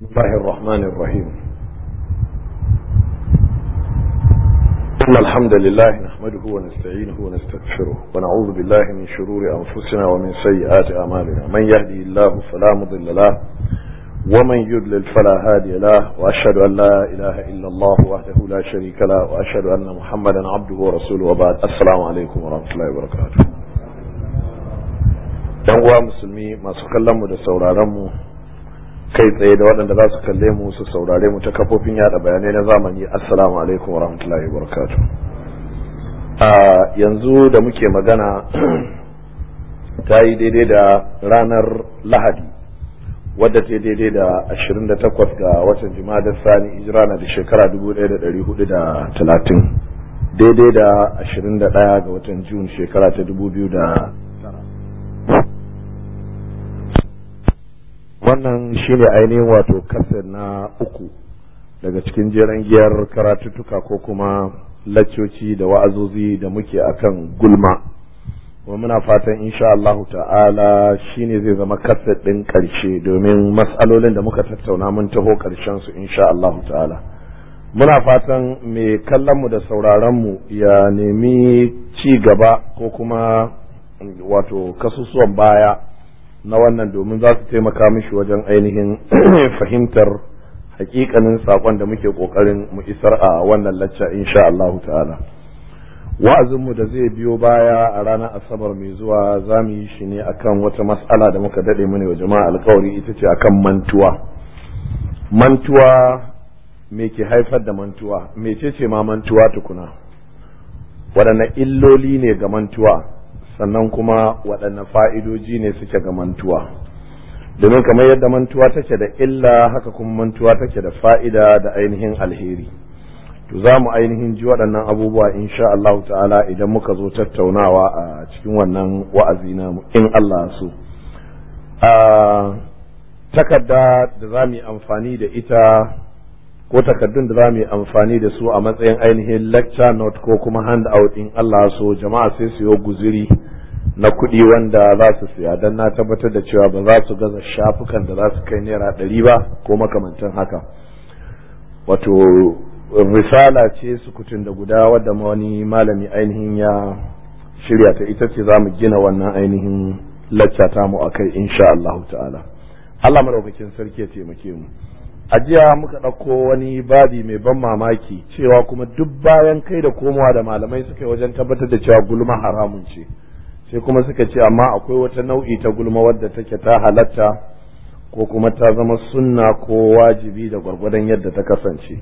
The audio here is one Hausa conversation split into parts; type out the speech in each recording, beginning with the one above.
بسم الله الرحمن الرحيم إن الحمد لله نحمده ونستعينه ونستغفره ونعوذ بالله من شرور أنفسنا ومن سيئات أعمالنا من يهدي الله فلا مضل له ومن يضلل فلا هادي له وأشهد أن لا إله إلا الله وحده لا شريك له وأشهد أن محمدا عبده ورسوله وبعد السلام عليكم ورحمة الله وبركاته. Dan uwa musulmi masu kallon mu da sauraron mu kai tsaye da waɗanda za su kalle mu su saurare mu ta kafofin yada bayanai na zamani assalamu alaikum wa rahmatullahi wa a yanzu da muke magana ta yi daidai da ranar lahadi wadda ta daidai da 28 ga watan jima'a sani hijira na da shekara 1430 daidai da 21 ga watan jun shekara ta 2000 wannan shine ainihin wato kasar na uku daga cikin jeren giyar karatuttuka ko kuma laccoci da wa'azozi da muke akan gulma kuma muna fatan insha Allahu ta'ala shine zai zama kasar ɗin ƙarshe domin matsalolin da muka tattauna mun taho ƙarshen su insha Allahu ta'ala muna fatan mai kallonmu da sauraronmu ya nemi ci gaba ko kuma wato kasusuwan baya na wannan domin za su taimaka mishi wajen ainihin fahimtar hakikanin sakon da muke ƙoƙarin mu isar a wannan lacca insha Allah ta'ala wa'azinmu da zai biyo baya a ranar asabar mai zuwa za mu yi shi ne akan wata mas'ala da muka daɗe mu ne wa jama'a alkawari ita ce akan mantuwa mantuwa me ke haifar da mantuwa mece ce ma mantuwa tukuna waɗanne illoli ne ga mantuwa sannan kuma waɗanne fa'idoji ne suke ga mantuwa domin kamar yadda mantuwa take da illa haka kuma mantuwa take da fa'ida da ainihin alheri to za mu ainihin ji waɗannan abubuwa sha Allah ta'ala idan muka zo tattaunawa a cikin wannan wa'azi na in Allah so takarda da za mu yi amfani da ita ko takardun da za mu yi amfani da su a matsayin ainihin lecture note ko kuma hand out in Allah so jama'a sai su yi guziri na kuɗi wanda za su siya don na tabbatar da cewa ba za su gaza shafukan da za su kai naira ɗari ba ko makamantan haka wato risala ce sukutun da guda wadda wani malami ainihin ya shirya ta ita ce za mu gina wannan ainihin lacca ta mu a kai insha Allah ta'ala Allah madaukakin sarki ya taimake mu a jiya muka ɗauko wani babi mai ban mamaki cewa kuma duk bayan kai da komowa da malamai suka yi wajen tabbatar da cewa gulma haramun ce sai kuma suka ce amma akwai wata nau'i ta gulma wadda take ta halatta ko kuma ta zama sunna ko wajibi da gwargwadon yadda ta kasance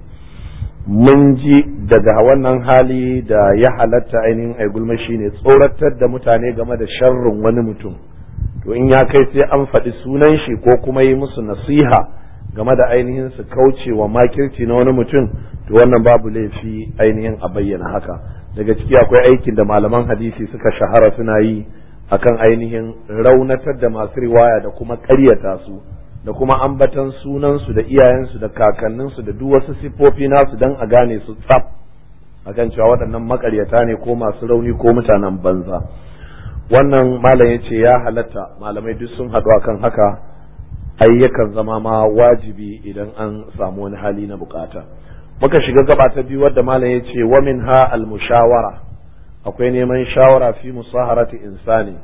mun ji daga wannan hali da ya halatta ainihin ai gulma shine tsoratar da mutane game da sharrin wani mutum to in ya kai sai an faɗi sunan shi ko kuma yi musu nasiha game da ainihin su kauce wa makirci na wani mutum to wannan babu laifi ainihin a bayyana haka daga ciki akwai aikin da malaman hadisi suka shahara suna yi akan ainihin raunatar da masu riwaya da kuma karyata su da kuma ambatan sunansu da iyayensu da kakanninsu da duk wasu siffofi nasu don a gane su tsaf akan cewa waɗannan makaryata ne ko masu rauni ko mutanen banza wannan malam ya ce ya halatta malamai duk sun haɗu kan haka ai yakan zama ma wajibi idan an samu wani hali na buƙata. muka shiga gaba ta biyu wadda malam ya ce wa min ha al mushawara akwai neman shawara fi musaharati insani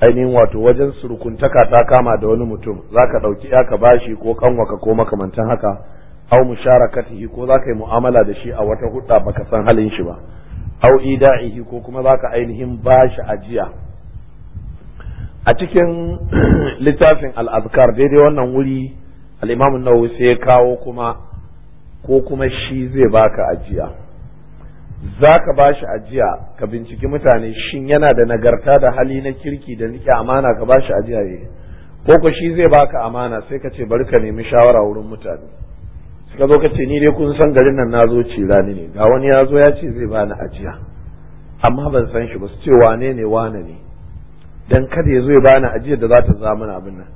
ainihin wato wajen surukuntaka ta kama da wani mutum zaka dauki ya ka bashi ko kanwaka ko makamantan haka au musharakatihi ko zaka yi mu'amala da shi a wata hudda baka san halin shi ba au ida'ihi ko kuma zaka ainihin bashi ajiya a cikin littafin al daidai wannan wuri al-imam sai ya kawo kuma ko kuma shi zai baka ajiya za ka ba shi ajiya ka binciki mutane shin yana da nagarta da hali na kirki da nike amana ka ba shi ajiya ne eh. ko ko shi zai baka amana sai ka ce bari ka nemi shawara wurin mutane suka zo ka ce ni dai kun san garin nan nazo ci rani ne ga wani ya zo ya ce zai bani ajiya amma ban san shi ba su ce wane ne wane ne dan kada ya zo ya bani ajiya da za ta zama abin nan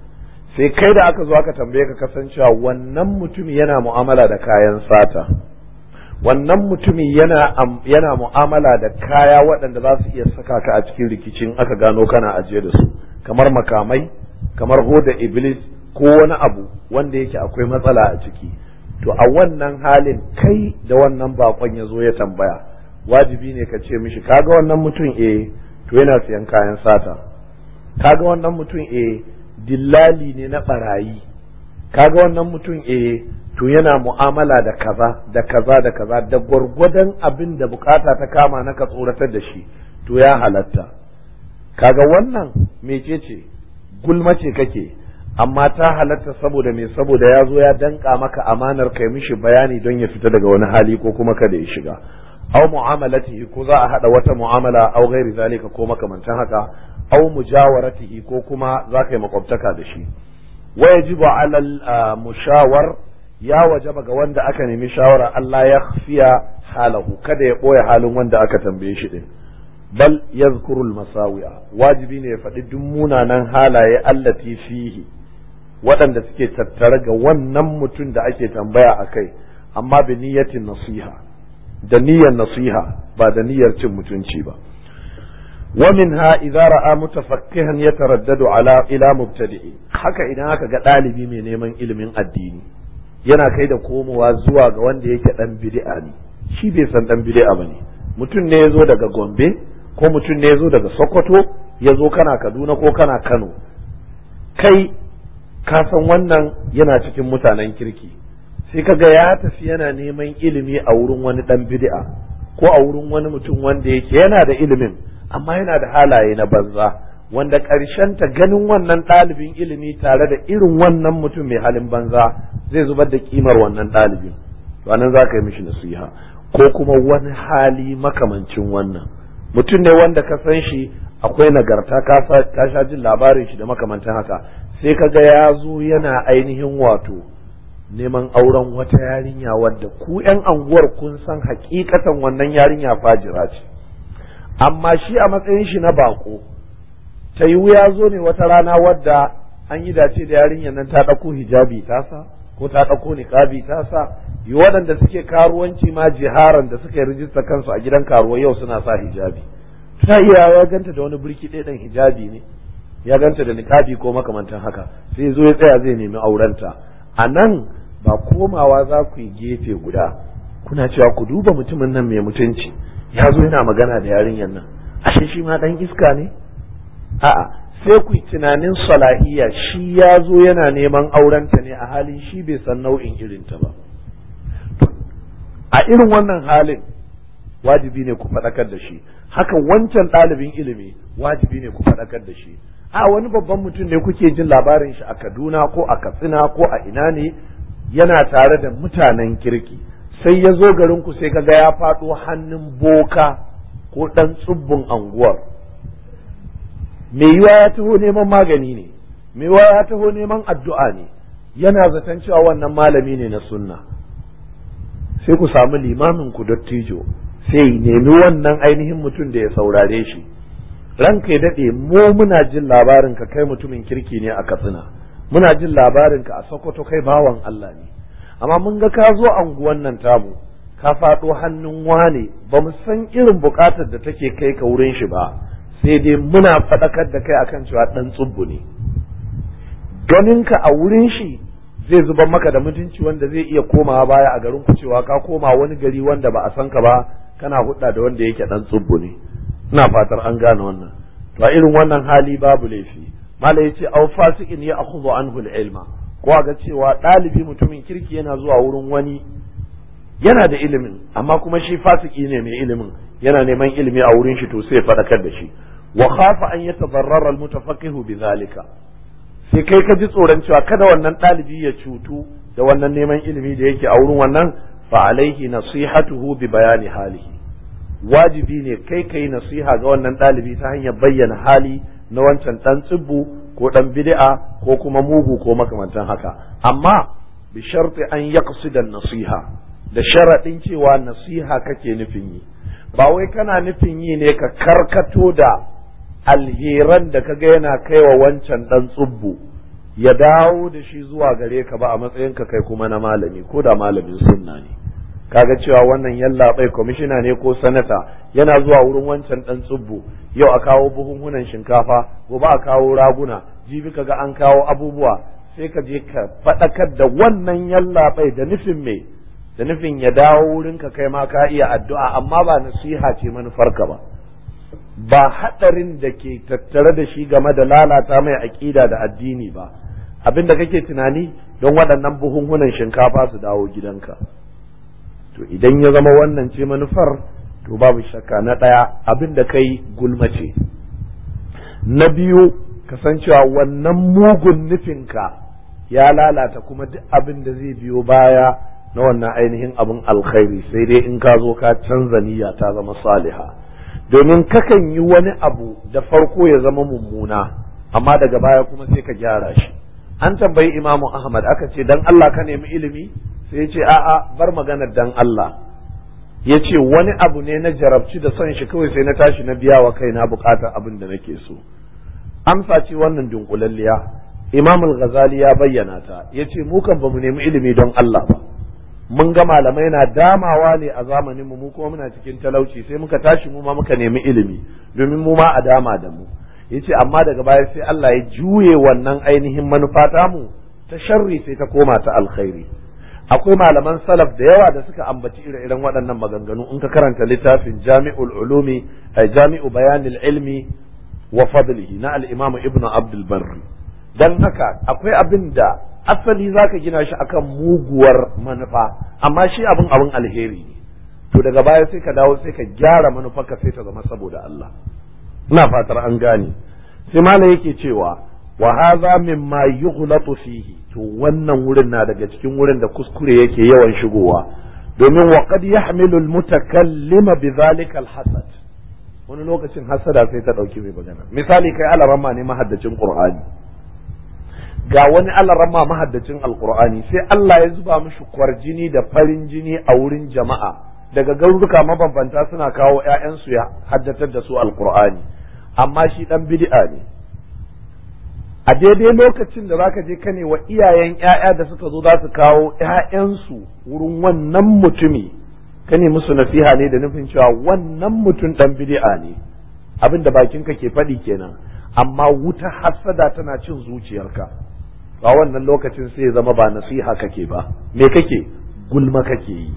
sai kai da aka zo aka tambaye ka kasancewa wannan mutumi yana mu'amala da kayan sata wannan mutumi yana yana mu'amala da kaya waɗanda za su iya saka ka a cikin rikicin aka gano kana ajiye da su kamar makamai kamar hoda iblis ko wani abu wanda yake akwai matsala a ciki to a wannan halin kai da wannan bakon ya zo ya tambaya wajibi ne ka ce mishi kaga wannan mutum eh to yana siyan kayan sata kaga wannan mutum eh dillali ne na barayi kaga wannan mutum eh to yana mu'amala da kaza da kaza da kaza da gwargwadon abin da bukata ta kama na ka tsoratar da shi to ya halatta kaga wannan mece ce gulma ce kake amma ta halatta saboda me saboda ya zo ya danka maka amanar kai mishi bayani don ya fita daga wani hali ko kuma kada ya shiga aw mu'amalatihi ko za a hada wata mu'amala aw ghairi zalika ko makamantan haka aw mujawaratihi ko kuma za ka yi makwabtaka da shi wa yajibu alal ah, mushawar ya wajaba ga wanda aka nemi shawara Allah ya fiya halahu kada ya boye halin wanda aka tambaye shi din bal yazkuru masawi'a wajibi ne ya faɗi duk munanan halaye allati fihi waɗanda suke tattare ga wannan mutum da ake tambaya a kai amma bi niyyatin nasiha da niyyar nasiha ba da niyyar cin mutunci ba ومنها إذا رأى متفقها يتردد على إلى مبتدئ haka idan aka ga ɗalibi mai neman ilimin addini yana kai da komowa zuwa ga wanda yake ɗan bid'a ne shi bai san ɗan bid'a ba ne mutum ne ya zo daga gombe ko mutum ne ya zo daga sokoto ya zo kana kaduna ko kana kano kai ka san wannan yana cikin mutanen kirki sai ka ga ya tafi yana neman ilimi a wurin wani ɗan bid'a ko a wurin wani mutum wanda yake yana da ilimin amma yana da halaye na banza wanda ƙarshen ta ganin wannan ɗalibin ilimi tare da irin wannan mutum mai halin banza zai zubar da kimar wannan ɗalibin to anan za ka yi mishi nasiha ko kuma wani hali makamancin wannan mutum ne wanda ka san shi akwai nagarta ka sha jin labarin shi da makamantan haka sai ka ga ya zo yana ainihin wato neman auren wata yarinya wadda ku 'yan anguwar kun san hakikatan wannan yarinya fajira ce amma shi a matsayin shi na bako ta yi wuya zo ne wata rana wadda an yi dace da yarinyar nan ta ɗauko hijabi ta sa ko ta ɗauko niƙabi ta sa yi waɗanda suke karuwanci ma jiharan da suka yi rijista kansu a gidan karuwa yau suna sa hijabi ta iya ya ganta da wani birki ɗaya ɗan hijabi ne ya ganta da niƙabi ko makamantan haka sai zo ya tsaya zai nemi aurenta a nan ba komawa za ku yi gefe guda kuna cewa ku duba mutumin nan mai mutunci ya zo yana magana da yarinyar nan ashe shi ma dan iska ne a'a sai ku tunanin salahiya shi ya zo yana neman aurenta ne a halin shi bai san nau'in irinta ba a irin wannan halin wajibi ne ku faɗakar da shi haka wancan ɗalibin ilimi wajibi ne ku faɗakar da shi a wani babban mutum ne kuke jin labarin shi a kaduna ko a katsina ko a ina ne yana tare da mutanen kirki sai ya zo garinku sai kaga ya faɗo hannun boka ko ɗan tsubbun anguwar mai yiwa ya taho neman magani ne mai yiwa ya taho neman addu'a ne yana zaton cewa wannan malami ne na sunna sai ku samu limamin ku dattijo sai nemi wannan ainihin mutum da ya saurare shi ranka ya daɗe mu muna jin labarin ka kai mutumin kirki ne a katsina muna jin labarin ka a sokoto kai bawan Allah ne amma mun ga ka zo anguwan nan tamu ka faɗo hannun wane ba mu san irin buƙatar da take kai ka wurin shi ba sai dai muna faɗakar da kai akan cewa ɗan tsubbu ne ganinka a wurin shi zai zuba maka da mutunci wanda zai iya komawa baya a garin ku cewa ka koma wani gari wanda ba a san ka ba kana hudda da wanda yake ɗan tsubbu ne ina fatar an gane wannan to a irin wannan hali babu laifi mala yace au fasikin ya akhudhu anhu al-ilma ko ga cewa ɗalibi mutumin kirki yana zuwa wurin wani yana da ilimin amma kuma shi fasiki ne mai ilimin yana neman ilimi a wurin shi to sai faɗakar da shi wa khafa an yatadarrara almutafaqihu bidhalika sai kai ka ji tsoron cewa kada wannan ɗalibi ya cutu da wannan neman ilimi da yake a wurin wannan fa alaihi nasihatuhu bi bayani halihi wajibi ne kai kai nasiha ga wannan ɗalibi ta hanyar bayyana hali na wancan ɗan tsibbu ko dan bid'a ko kuma mugu ko makamantan haka amma bi sharti an yaqsida nasiha da sharadin cewa nasiha kake nufin yi ba wai kana nufin yi ne ka karkato da alheran da kaga yana kaiwa wancan dan tsubbu ya dawo da shi zuwa gare ka ba a matsayin ka kai kuma na malami ko da malamin sunna ne kaga cewa wannan yalla bai kwamishina ne ko sanata yana zuwa wurin wancan dan tsubbu yau a kawo buhunhunan shinkafa gobe a kawo raguna jibi kaga an kawo abubuwa sai ka je ka faɗakar da wannan yallaɓai da nufin me da nufin ya dawo wurin ka kai ma ka iya addu'a amma ba nasiha ce manufarka ba ba haɗarin da ke tattare da shi game da lalata mai aƙida da addini ba abinda kake tunani don waɗannan buhunhunan shinkafa su dawo gidanka to idan ya zama wannan ce manufar to babu shakka na ɗaya abin da kai gulma ce na biyu kasancewa wannan mugun nufinka ya lalata kuma duk abin da zai biyo baya na wannan ainihin abin alkhairi sai dai in ka zo ka canza niyya ta zama saliha domin kakan yi wani abu da farko ya zama mummuna amma daga baya kuma sai ka gyara shi an tambayi imamu ahmad aka ce dan allah ka nemi ilimi sai ya ce a'a bar maganar dan allah ya ce wani abu ne na jarabci da son shi kawai sai na tashi na biya wa kaina bukatar abin da nake so amsa ce wannan dunkulalliya imam al-ghazali ya bayyana ta yace ce mu kan ba mu nemi ilimi don Allah ba mun ga malamai na damawa ne a zamanin mu mu kuma muna cikin talauci sai muka tashi mu ma muka nemi ilimi domin mu ma a dama da mu yace amma daga baya sai Allah ya juye wannan ainihin manufa mu ta sharri sai ta koma ta alkhairi akwai malaman salaf da yawa da suka ambaci ire-iren waɗannan maganganu in ka karanta littafin jami'ul ulumi ay jami'u bayanil ilmi wa fadlihi na al-imam ibn abdul barri dan haka akwai abin da asali zaka gina shi akan muguwar manufa amma shi abin abin alheri ne to daga baya sai ka dawo sai ka gyara manufarka sai ta zama saboda Allah ina fatar an gane sai malai yake cewa wa hadha mimma yughlatu fihi to wannan wurin na daga cikin wurin da kuskure yake yawan shigowa domin wa qad yahmilu al-mutakallima bi zalika al-hasad wani lokacin hasada sai ta dauki mai magana misali kai alarama ne mahaddacin qur'ani ga wani alarama mahaddacin alqur'ani sai Allah ya zuba mishi kwarjini da farin jini a wurin jama'a daga garuruka mabambanta suna kawo ƴaƴansu ya haddatar da su alqur'ani amma shi dan bid'a ne a daidai lokacin da zaka je ka wa iyayen 'ya'ya da suka zo za su kawo 'ya'yansu wurin wannan mutumi Ka ne musu nasiha ne da nufin cewa wannan mutum dan bid'a ne abin da bakinka ke faɗi kenan amma wuta hassada tana cin zuciyarka a wannan lokacin sai zama ba nasiha kake ba me kake gulma kake yi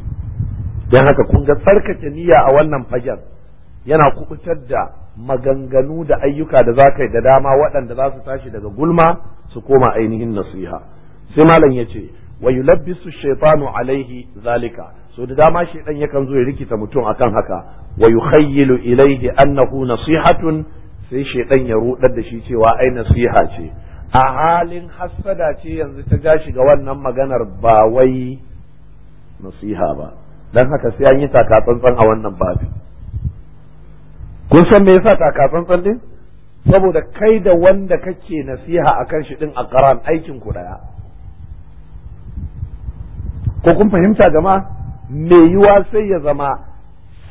don haka kun ga tsarkake niyya a wannan fagen yana kubutar da maganganu da ayyuka da za ka yi da dama waɗanda za su tashi daga gulma su koma ainihin nasiha sai malam ya ce wa yulabbisu shaytanu alaihi zalika so da dama shaiɗan yakan zo ya rikita mutum akan haka wa yukhayyilu ilaihi annahu nasihatun sai shaytan ya rudar da shi cewa ai nasiha ce a halin hassada ce yanzu ta ja shi ga wannan maganar ba wai nasiha ba dan haka sai an yi taka a wannan babin kun san me yasa tsantsan din saboda kai da wanda kake nasiha akan shi din a karan aikin ku daya ko kun fahimta gama me yiwa sai ya zama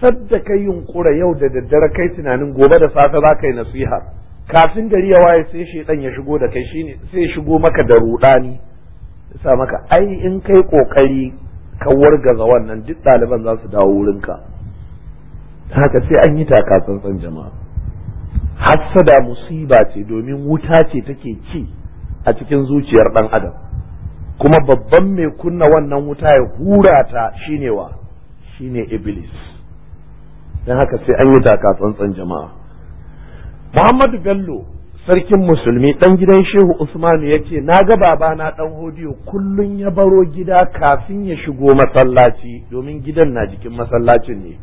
sadda kai yunkura yau da daddare kai tunanin gobe da safe za ka nasiha kafin gari ya waye sai shaidan ya shigo da kai shine sai shigo maka da rudani sa maka ai in kai kokari ka wargaza wannan duk ɗaliban za su dawo wurinka haka sai an yi taka tsantsan jama'a hassada musiba ce domin wuta ce take ci a cikin zuciyar ɗan adam kuma babban mai kunna wannan wuta ya hura ta shine wa shine iblis don haka sai an yi taka tsantsan jama'a muhammadu bello sarkin musulmi ɗan gidan shehu usmanu ya ce na ga babana ɗan hodiyo kullum ya baro gida kafin ya shigo masallaci domin gidan na jikin masallacin ne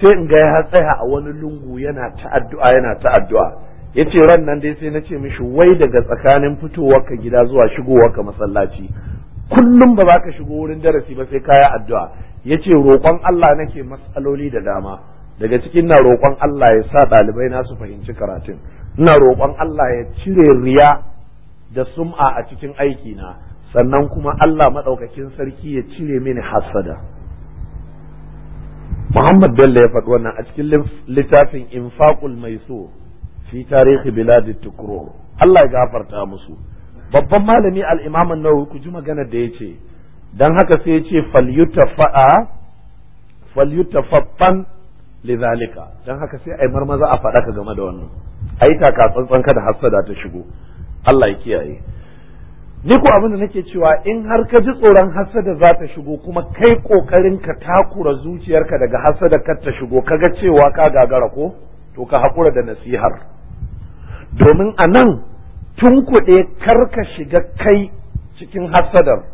sai in ga ya tsaya a wani lungu yana ta addu'a yana ta addu'a ce ran nan dai sai na ce mishi wai daga tsakanin ka gida zuwa ka masallaci kullum ba za ka shigo wurin darasi ba sai kaya addu'a ya ce roƙon Allah nake matsaloli da dama daga cikin na roƙon Allah ya sa ɗalibai na su fahimci karatun ina roƙon Allah ya cire riya da sum'a a cikin aikina sannan kuma Allah maɗaukakin sarki ya cire mini hasada Muhammad Bello ya faɗi wannan a cikin littafin mai so fi tarihi biladi tukuro Allah ya gafarta musu babban malami al-Imam ku ji magana da yace dan haka sai yace Falyuta falyutafaffan lidhalika dan haka sai ai marmaza a faɗa ka game da wannan ai ka tsantsan kada hassada ta shigo Allah ya kiyaye ni ku abin da nake cewa in har ka ji tsoron hasada za ta shigo kuma kai kokarin ka takura zuciyarka daga hasada kar ta shigo kaga cewa ka gagara ko to ka haƙura da nasihar domin a nan tun kuɗe kar ka shiga kai cikin hasadar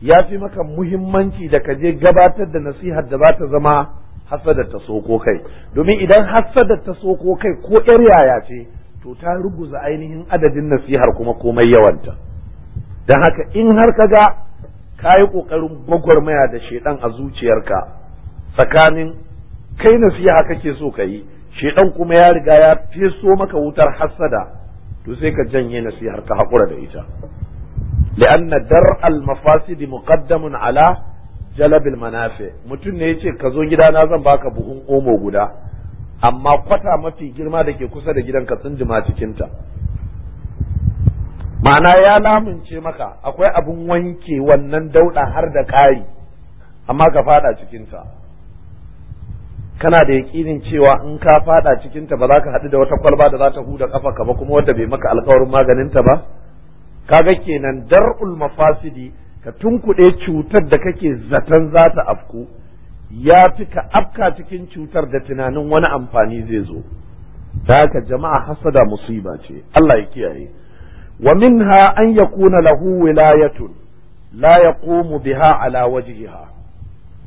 ya fi maka muhimmanci da ka je gabatar da nasihar da za ta zama hasadar ta soko kai domin idan hasadar ta soko kai ko 'yar yaya ce to ta ruguza ainihin adadin nasihar kuma komai yawanta don haka in har ka ga ka yi ƙoƙarin gwagwarmaya da shaidan a zuciyarka tsakanin kai nasiha kake so ka yi shaidan kuma ya riga ya feso maka wutar hassada to sai ka janye nasihar ka haƙura da ita li'anna al mafasidi muqaddamun ala jalabil manafi mutum ne yace ka zo na zan baka buhun omo guda amma kwata mafi girma da ke kusa da gidanka sun jima cikinta ma'ana ya lamunce maka akwai abin wanke wannan dauɗa har da ƙari amma ka fada cikinta kana da yaƙinin cewa in ka fada cikinta ba za ka haɗu da wata kwalba da za ta huda kafa ka ba kuma wadda bai maka alkawarin maganinta ba Ka ga kenan dar'ul mafasidi ka tunkuɗe cutar da kake zaton za ta afku ya fi ka afka cikin cutar da tunanin wani amfani zai zo da haka jama'a hasada musiba ce Allah ya kiyaye wa minha an yakuna lahu wilayatun la yaqumu biha ala wajhiha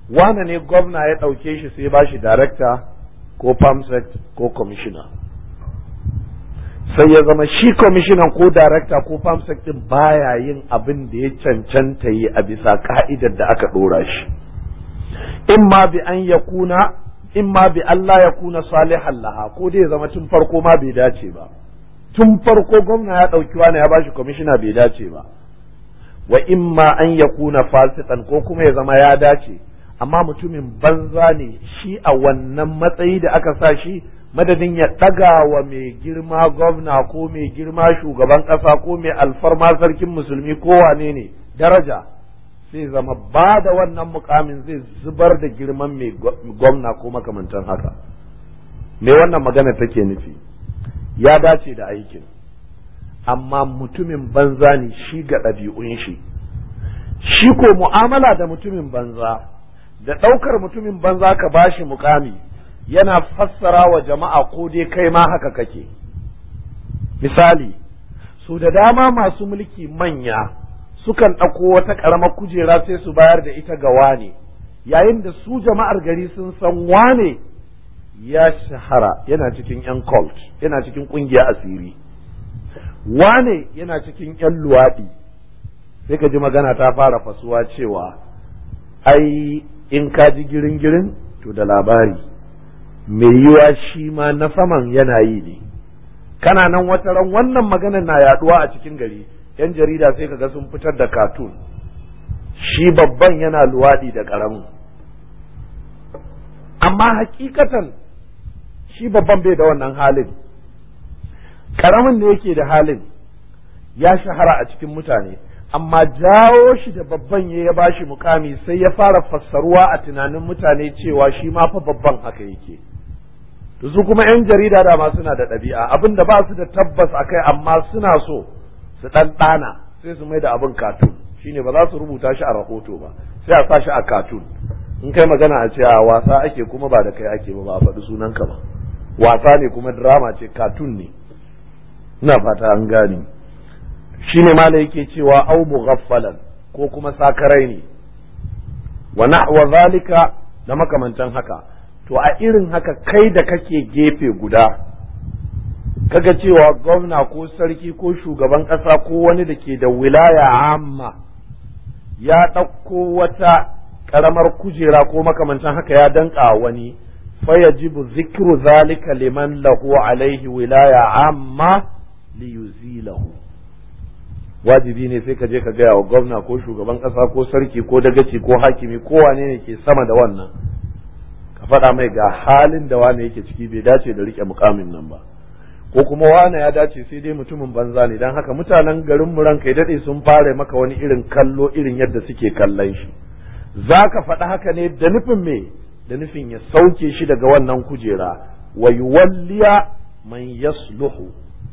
wana ne gwamna ya ɗauke shi sai ba shi director ko pamsec ko commissioner. sai ya zama shi commissioner ko director ko pamsec din baya yin abin da ya cancanta yi a bisa ka'idar da aka ɗora shi imma bi an yakuna imma bi Allah ya kuna salihan laha ko dai ya zama tun farko ma bai dace ba tun farko gwamna ya ɗauki wani ya bashi kwamishina bai dace ba wa imma an ya kuna fasikan ko kuma ya zama ya dace amma mutumin banza ne shi a wannan matsayi da aka sa shi madadin ya ɗaga wa mai girma gwamna ko mai girma shugaban kasa ko mai alfarma sarkin musulmi ko wane ne daraja sai zama ba da wannan mukamin zai zubar da girman mai gwamna ko makamantan haka me wannan magana take nufi ya dace da aikin amma mutumin banza ne shi ga ɗabi'un shi shi ko mu'amala da mutumin banza da ɗaukar mutumin banza ka bashi mukami yana fassara wa jama'a ko dai kai ma haka kake misali su da dama masu mulki manya sukan ɗauko wata ƙaramar kujera sai su bayar da ita ga wane yayin da su jama'ar gari sun san wane ya shahara yana cikin 'yan cult yana cikin ƙungiya asiri wane yana cikin 'yan luwaɗi sai ka ji magana ta fara fasuwa cewa ai in ka ji girin girin to da labari mai yiwa shi ma na saman yana yi ne kana nan wata ran wannan maganar na yaɗuwa a cikin gari yan jarida sai kaga sun fitar da katun shi babban yana luwaɗi da ƙaramin amma hakikatan shi babban bai da wannan halin ƙaramin ne yake da halin ya shahara a cikin mutane amma jawo shi da babban ya yi bashi mukami sai ya fara fassaruwa a tunanin mutane cewa shi ma fa babban haka yake su kuma 'yan jarida dama suna da ɗabi'a abinda ba su da tabbas a kai amma suna so su ɗanɗana sai su mai da abin katun shine ba za su rubuta shi a rahoto ba sai a sa shi a katun in kai magana a ce a wasa ake kuma ba da kai ake ba ba a faɗi sunanka ba wasa ne kuma drama ce katun ne ina fata an gane shine mala yake cewa au mughaffalan ko kuma sakarai ne wa nahwa zalika da makamantan haka to a irin haka kai da kake gefe guda kaga cewa gwamna ko sarki ko shugaban ƙasa ko wani da ke da wilaya amma ya ɗauko wata ƙaramar kujera ko makamancin haka ya danƙa wani fayajibu zikiru zalika liman lahu alaihi wilaya amma wajibi ne sai ka je ka gaya wa gwamna ko shugaban ƙasa ko sarki ko dagaci ko hakimi ko wane ne ke sama da wannan ka faɗa mai ga halin da wane yake ciki bai dace da riƙe muƙamin nan ba ko kuma wane ya dace sai dai mutumin banza ne don haka mutanen garin mu ranka daɗe sun fara maka wani irin kallo irin yadda suke kallon shi za ka faɗi haka ne da nufin me da nufin ya sauke shi daga wannan kujera wa yuwalliya man yasluhu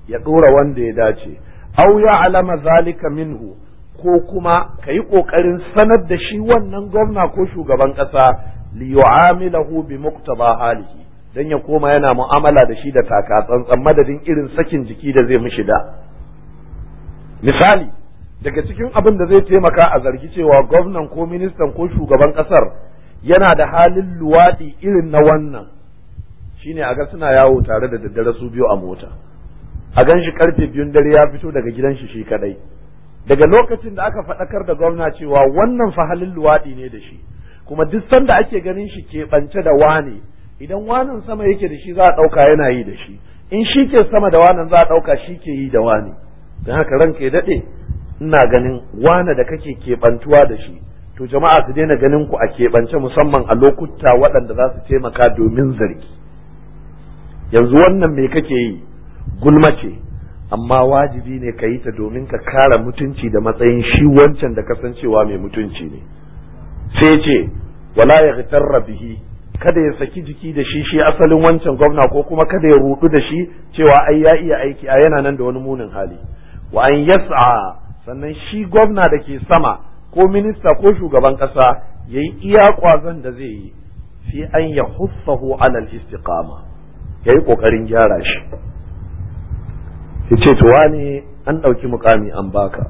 ya ɗora wanda ya dace aw ya alama zalika minhu ko kuma ka yi ƙoƙarin sanar da shi wannan gwamna ko shugaban ƙasa li yu'amilahu bi muqtada halihi don ya koma yana mu'amala da shi da taka tsantsan madadin irin sakin jiki da zai mishi da misali daga cikin abin da zai taimaka a zargi cewa gwamnan ko ministan ko shugaban kasar yana da halin luwaɗi irin na wannan shine a ga suna yawo tare da daddare su biyu a mota a gan shi karfe biyun dare ya fito daga gidan shi shi kadai daga lokacin da aka faɗakar da gwamna cewa wannan fa halin luwaɗi ne da shi kuma duk sanda ake ganin shi keɓance da wane idan wanin sama yake da shi za a ɗauka yana yi da shi in shi ke sama da wanin za a ɗauka shi ke yi da wani don haka ranka ya daɗe ina ganin wani da kake keɓantuwa da shi to jama'a su daina ganin ku a keɓance musamman a lokuta waɗanda za su taimaka domin zargi yanzu wannan me kake yi gulma ce amma wajibi ne ka yi ta domin ka kara mutunci da matsayin shi wancan da kasancewa mai mutunci ne sai ce wala ya bihi kada ya saki jiki da shi shi asalin wancan gwamna ko kuma kada ya rudu da shi cewa ai ya iya aiki a yana nan da wani munin hali wa an yas'a sannan shi gwamna da ke sama ko minista ko shugaban kasa yayi iya kwazon da zai yi fi an ya huffahu alal istiqama yayi kokarin gyara shi yace to wani an dauki mukami an baka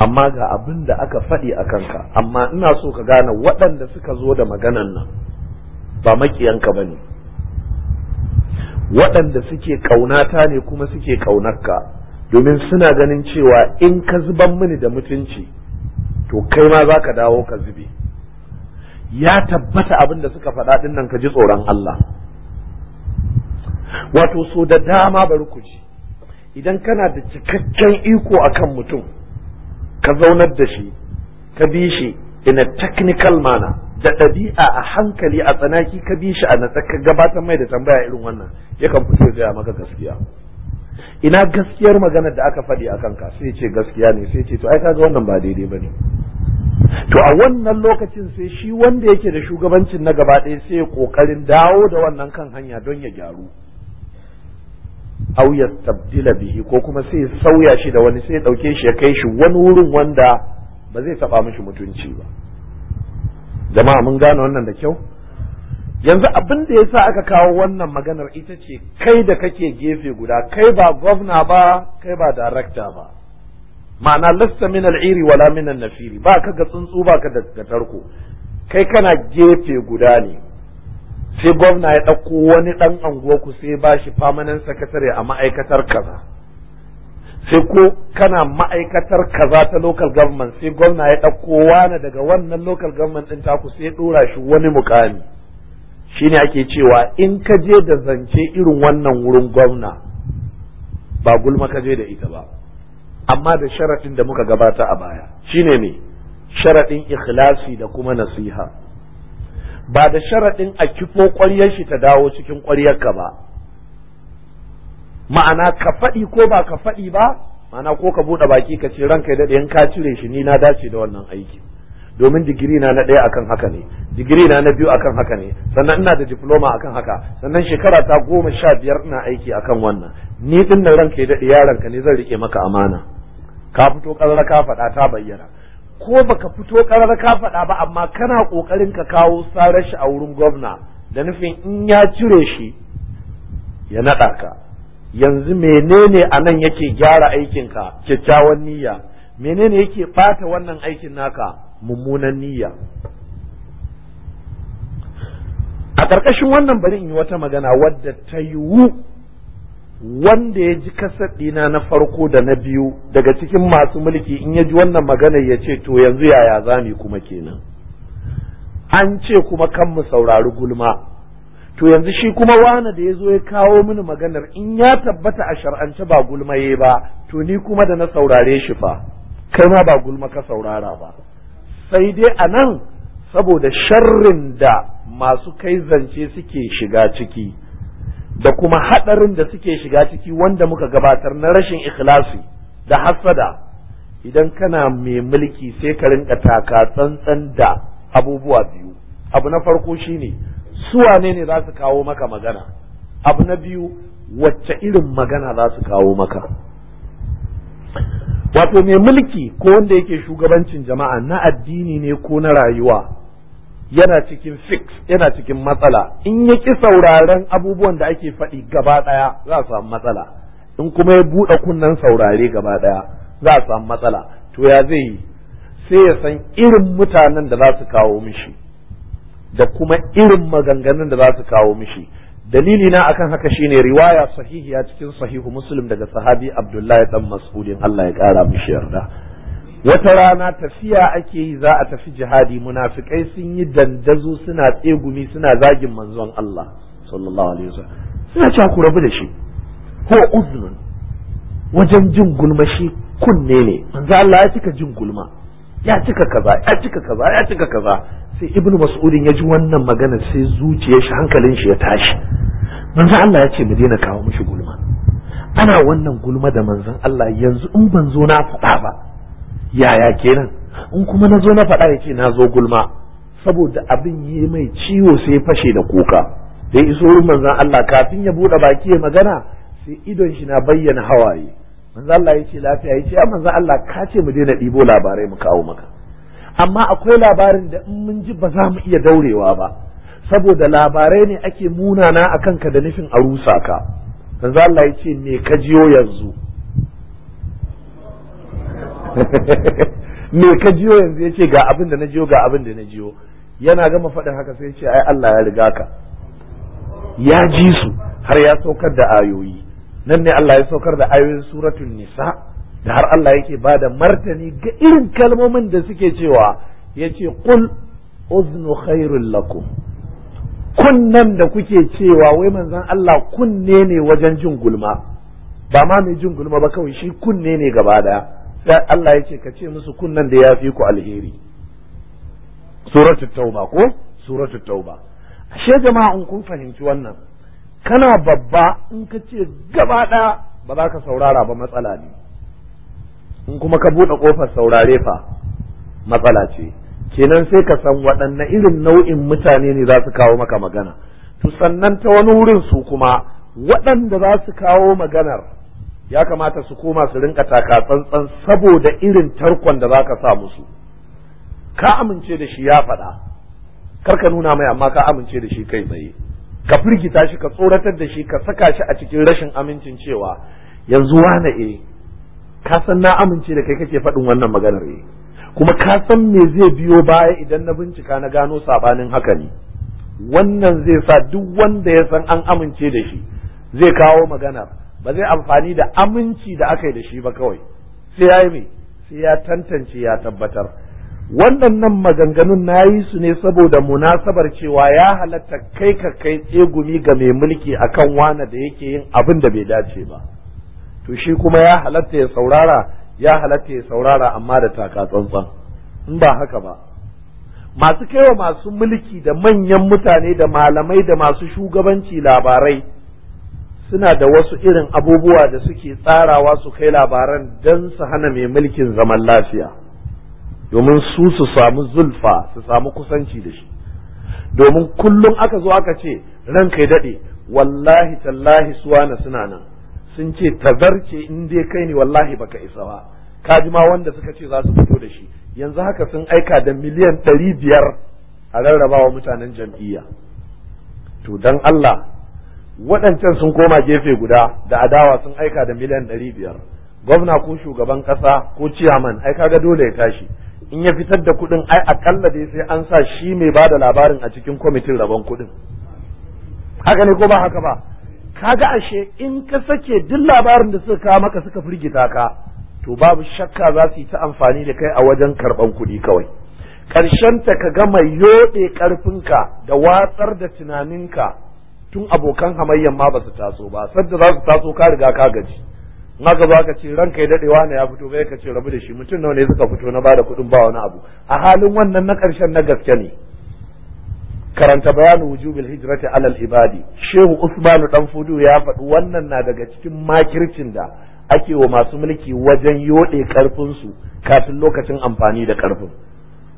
amma ga abin da aka faɗi a kanka amma ina so ka gane waɗanda suka zo da maganan nan ba makiyanka ba ne waɗanda suke ƙaunata ne kuma suke ƙaunarka domin suna ganin cewa in ka zuban mini da mutunci to kai ma za ka dawo ka zube ya tabbata abin da suka faɗa ɗin nan ka ji tsoron Allah wato so da dama bari ku ji idan kana da cikakken iko akan mutum ka zaunar da shi ka bi shi in a technical manner da ɗabi'a a hankali a tsanaki ka bi shi a natsa ka gabatar mai da tambaya irin wannan yakan fito gaya maka gaskiya ina gaskiyar maganar da aka faɗi a kanka sai ce gaskiya ne sai ce to ai kaga wannan ba daidai ba ne to a wannan lokacin sai shi wanda yake da shugabancin na gaba ɗaya sai ya ƙoƙarin dawo da wannan kan hanya don ya gyaru au ya tabdila bihi ko kuma sai sauya shi da wani sai ya ɗauke shi ya kai shi wani wurin wanda ba zai taɓa mishi mutunci ba jama'a mun gane wannan da kyau yanzu abin da ya sa aka kawo wannan maganar ita ce kai da kake gefe guda kai ba gwamna ba kai ba darakta ba ma'ana lasta min al'iri wala min nafiri ba ka ga tsuntsu ba ka da tarko kai kana gefe guda ne sai gwamna ya ɗauko wani ɗan anguwa ku sai ba shi famanan sakatare a ma'aikatar kaza sai ko kana ma'aikatar kaza ta local government sai gwamna ya ɗauko wani daga wannan local government ɗin taku sai ya ɗora shi wani mukami shine ake cewa in ka je da zance irin wannan wurin gwamna ba gulma ka je da ita ba amma da sharaɗin da muka gabata a baya shine ne sharaɗin ikhlasi da kuma nasiha ba da sharaɗin a kifo ƙwaryar shi ta dawo cikin ƙwaryarka ba ma'ana ka faɗi ko ba ka faɗi ba ma'ana ko ka buɗe baki ka ce ranka daɗe in ka cire shi ni na dace da wannan aiki domin digiri na na ɗaya akan haka ne digiri na na biyu akan haka ne sannan ina da diploma akan haka sannan shekara ta goma sha biyar ina aiki akan wannan ni din nan ranka daɗe ka ne zan riƙe maka amana ka fito ƙarar ka faɗa ta bayyana ko baka fito ƙarar ka faɗa ba amma kana ƙoƙarin ka kawo sarar shi a wurin gwamna da nufin in ya cire shi ya naɗa ka yanzu menene a nan yake gyara aikinka kyakkyawan niyya menene yake ɓata wannan aikin naka mummunan niyya a ƙarƙashin wannan bari in yi wata magana wadda ta yiwu wanda ya ji kasaɗina na farko da na biyu daga cikin masu mulki in ya ji wannan magana ya ce to yanzu yaya zami kuma kenan an ce kuma kan mu saurari gulma to yanzu shi kuma wani da ya zo ya kawo mini maganar in ya tabbata a shar'ance ba gulmaye ba to ni kuma da na saurare shi fa kai ma ba gulma ka saurara ba sai dai a nan saboda sharrin da masu kai zance suke shiga ciki da kuma haɗarin da suke shiga ciki wanda muka gabatar na rashin ikhlasi da hassada idan kana mai mulki sai ka rinka taka tsantsan da abubuwa biyu abu na farko shine su wane ne za su kawo maka magana abu na biyu wacce irin magana za su kawo maka wato mai mulki ko wanda yake shugabancin jama'a na addini ne ko na rayuwa yana cikin fix yana cikin matsala in ya ki sauraren abubuwan da ake faɗi gaba ɗaya za a samu matsala in kuma ya buɗe kunnen saurare gaba ɗaya za a samu matsala to ya zai yi sai ya san irin mutanen da za su kawo mishi da kuma irin maganganun da za su kawo mishi dalili na akan haka shine riwaya sahihiya cikin sahihu muslim daga sahabi abdullahi dan mas'udin Allah ya kara mishi yarda wata rana tafiya ake yi za a tafi jihadi munafikai sun yi dandazo suna tsegumi suna zagin manzon Allah sallallahu alaihi wasallam suna cewa ku rabu da shi ko uzmun. wajen jin gulma shi kunne ne manzo Allah ya cika jin gulma ya cika kaza ya cika kaza ya cika kaza sai ibnu mas'udin ya ji wannan magana sai zuciyar shi hankalin shi ya tashi manzo Allah ya ce mu daina kawo mishi gulma ana wannan gulma da manzon Allah yanzu in ban zo na faɗa ba yaya kenan in kuma na zo na faɗa ya ce na zo gulma saboda abin yi mai ciwo sai ya fashe da kuka da iso manzon Allah kafin ya buɗe baki ya magana sai idon shi na bayyana hawaye manzo Allah yace lafiya yace ya manzo Allah ka ce mu daina ɗibo labarai mu kawo maka amma akwai labarin da in mun ji ba za mu iya daurewa ba saboda labarai ne ake munana akan ka da nufin a rusa ka manzo Allah yace me ka jiyo yanzu me ka jiyo yanzu yace ga abin da na jiyo ga abin da na jiyo yana gama faɗin haka sai ce ai Allah ya riga ka ya ji su har ya saukar da ayoyi nan ne Allah ya saukar da ayoyin suratul nisa da har Allah yake ba da martani ga irin kalmomin da suke cewa yace qul uznu khairul lakum kunnan da kuke cewa wai manzon Allah kunne ne wajen jin gulma ba ma mai jin gulma ba kawai shi kunne ne gaba daya Allah ya ce ka ce musu kunnan da ya fi ku alheri suratul tauba ko suratul tauba ashe jama'a in kun fahimci wannan kana babba in ka ce gaba ɗaya ba za ka saurara ba matsala ne in kuma ka buɗe ƙofar saurare fa matsala ce kenan sai ka san waɗanne irin nau'in mutane ne za su kawo maka magana to sannan ta wani wurin su kuma waɗanda za su kawo maganar ya kamata su koma su rinka taka tsantsan saboda irin tarkon da za ka sa musu ka amince da shi ya faɗa kar ka nuna mai amma ka amince da shi kai tsaye ka firgita shi ka tsoratar da shi ka saka shi a cikin rashin amincin cewa yanzu wane eh ka san na amince da kai kake faɗin wannan maganar eh kuma ka san me zai biyo baya idan na bincika na gano sabanin haka ne wannan zai sa duk wanda ya san an amince da shi zai kawo maganar ba zai amfani da aminci da aka yi da shi ba kawai sai ya yi mai sai ya tantance ya tabbatar waɗannan maganganun na yi su ne saboda munasabar cewa ya halatta kai ka kai tsegumi ga mai mulki a kan wana da yake yin abin da bai dace ba to shi kuma ya halatta ya saurara ya halatta ya saurara amma da taka tsantsan in ba haka ba masu kaiwa masu mulki da manyan mutane da malamai da masu shugabanci labarai suna da wasu irin abubuwa da suke tsarawa su kai labaran don su hana mai mulkin zaman lafiya domin su su samu zulfa su samu kusanci da shi domin kullum aka zo aka ce ran kai daɗe wallahi tallahi suwana suna nan sun ce tazarce in dai kai ne wallahi baka isa ba ka ji ma wanda suka ce za su fito da shi yanzu haka sun aika da miliyan ɗari biyar a rarrabawa mutanen jam'iyya to dan Allah waɗancan sun koma gefe guda da adawa sun aika da miliyan ɗari biyar gwamna ko shugaban ƙasa ko ciyaman ai kaga dole ya tashi in ya fitar da kuɗin ai akalla dai sai an sa shi mai ba da labarin a cikin kwamitin rabon kuɗin haka ne ko ba haka ba kaga ashe in ka sake duk labarin da suka kawo maka suka firgita ka to babu shakka za su yi ta amfani da kai a wajen karɓan kuɗi kawai ta ka gama yoɗe ƙarfinka da watsar da tunaninka tun abokan hamayyan ma ba su taso ba sadda za su taso ka riga ka gaji Na gaba ka ce ranka ya daɗewa ne ya fito bai ka ce rabu da shi mutum nawa ne suka fito na bada kuɗin ba wani abu a halin wannan na ƙarshen na gaske ne karanta bayanin wujubin hijrati alal ibadi shehu usmanu dan fudu ya faɗi wannan na daga cikin makircin da ake wa masu mulki wajen yoɗe karfin kafin lokacin amfani da karfin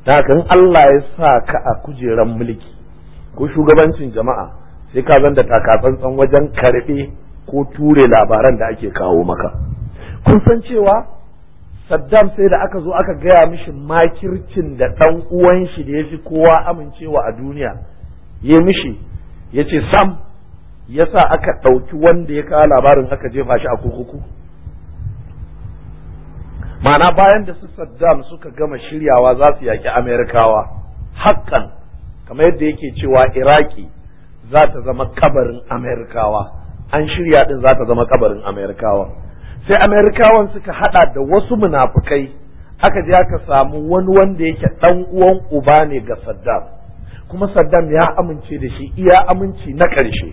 ta kan Allah ya sa ka a kujeran mulki ko shugabancin jama'a sai ka zanda takatsantsan wajen karɓe ko ture labaran da ake kawo maka kun san cewa saddam sai da aka zo aka gaya mishi makircin da ɗan uwan shi da ya fi kowa amincewa a duniya ya mishi ya ce sam ya sa aka ɗauki wanda ya kawo labarin aka jefa shi a kurkuku mana bayan da su saddam suka gama shiryawa za su yaƙi amerikawa hakan kamar yadda yake cewa iraki za ta zama kabarin amerikawa an shirya din za ta zama kabarin amerikawa sai amerikawan suka hada da wasu munafukai aka je aka samu wani wanda yake dan uwan uba ne ga saddam kuma saddam ya amince da shi iya aminci na ƙarshe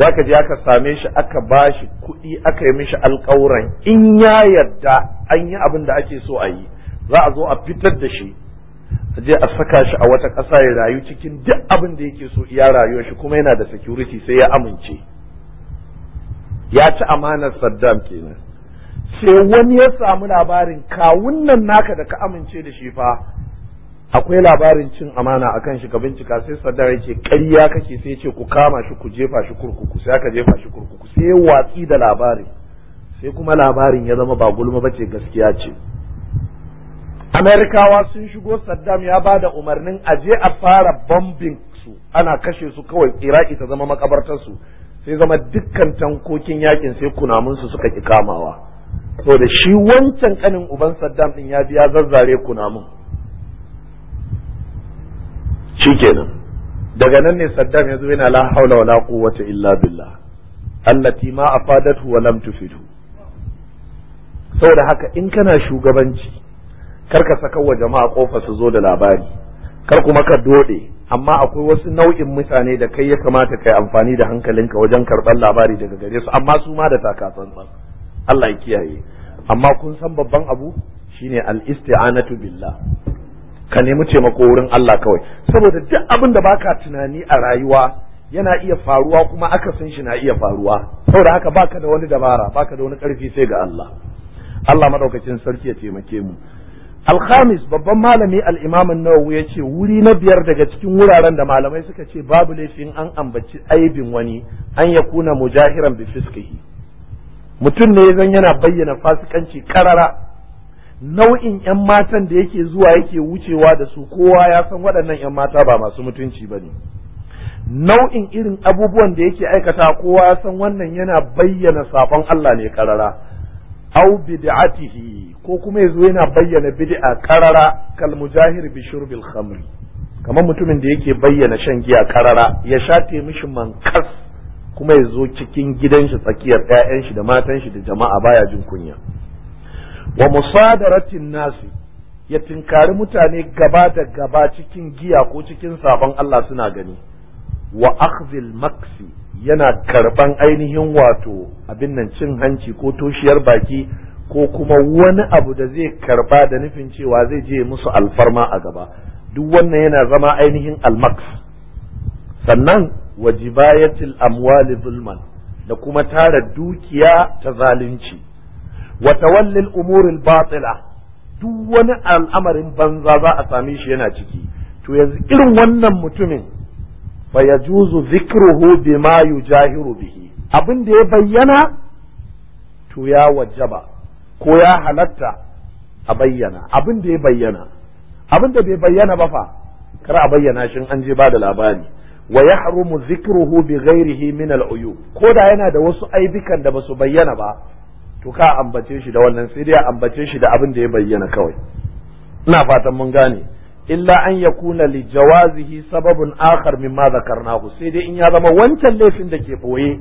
sai aka je aka same shi aka ba shi kuɗi aka yi mishi alƙawuran in ya yarda an yi abin da ake so a yi za a zo a fitar da shi je a saka shi a wata ƙasa ya rayu cikin duk abin da yake so ya rayuwar shi kuma yana da security sai ya amince ya ci amanar Saddam kenan sai wani ya samu labarin kawun nan naka da ka amince da shi fa akwai labarin cin amana akan shi ka bincika sai Saddam yake ƙarya kake sai ce ku kama shi ku jefa shi kurkuku sai aka jefa shi kurkuku sai watsi da labarin sai kuma labarin ya zama ba gulma ba ce gaskiya ce amerikawa sun shigo saddam ya ba da umarnin aje a fara bombin su ana kashe su kawai iraki ta zama makabartarsu sai zama dukkan tankokin yakin sai kunamunsu suka ki kamawa saboda shi wancan kanin uban saddam din ya biya zazzare kunamun shikenan daga nan ne saddam ya zo yana la haula wala quwwata illa billah allati ma afadathu wa lam tufidu saboda haka in kana shugabanci kar ka saka wa jama'a kofa su zo da labari kar kuma ka dode amma akwai wasu nau'in mutane da kai ya kamata kai amfani da hankalinka wajen karɓar labari daga gare su amma su ma da taka tsantsan. Allah ya kiyaye amma kun san babban abu shine al-isti'anatu billah ka nemi taimako wurin Allah kawai saboda duk abin da baka tunani a rayuwa yana iya faruwa kuma aka san shi na iya faruwa saboda haka baka da wani dabara baka da wani karfi sai ga Allah Allah madaukakin sarki ya taimake mu Alkhamis babban malami al-Imam ya ce wuri na biyar daga cikin wuraren da malamai suka ce babu laifin an ambaci aibin wani an ya kuna mujahiran bi fiskihi mutum ne zan yana bayyana fasikanci karara nau'in yan matan da yake zuwa yake wucewa da su kowa ya san waɗannan yan mata ba masu mutunci ba ne nau'in irin abubuwan da yake aikata kowa ya san wannan yana bayyana sabon Allah ne karara au bid'atihi ko kuma ya zo yana bayyana bid'a karara kal mujahir bi shurbil khamri kamar mutumin da yake bayyana shan giya karara ya shate mishi mankas kuma ya zo cikin gidan shi tsakiyar ƴaƴan shi da matan shi da jama'a baya jin kunya wa musadaratin nasi ya tinkari mutane gaba da gaba cikin giya ko cikin sabon Allah suna gani wa akhzil maksi yana karban ainihin wato abin nan cin hanci ko toshiyar baki ko kuma wani abu da zai karba da nufin cewa zai je musu alfarma a gaba duk wannan yana zama ainihin almaks sannan wajibayatil amwali zulman da kuma tara dukiya ta zalunci wa tawallil umuril batila duk wani al'amarin banza za a same shi yana ciki to yanzu irin wannan mutumin fa yajuzu zikruhu bima yujahiru bihi abin da ya bayyana to ya wajaba ko ya halatta a bayyana abin da ya bayyana abin da bai bayyana ba fa kar a bayyana shin an je bada labari wa yahrumu zikruhu bi ghairihi min al uyub ko yana da wasu aibikan da basu bayyana ba to ka ambace shi da wannan sai dai ambace shi da abin da ya bayyana kawai ina fatan mun gane illa an yakuna li jawazihi sababun akhar mimma zakarnahu sai dai in ya zama wancan laifin da ke boye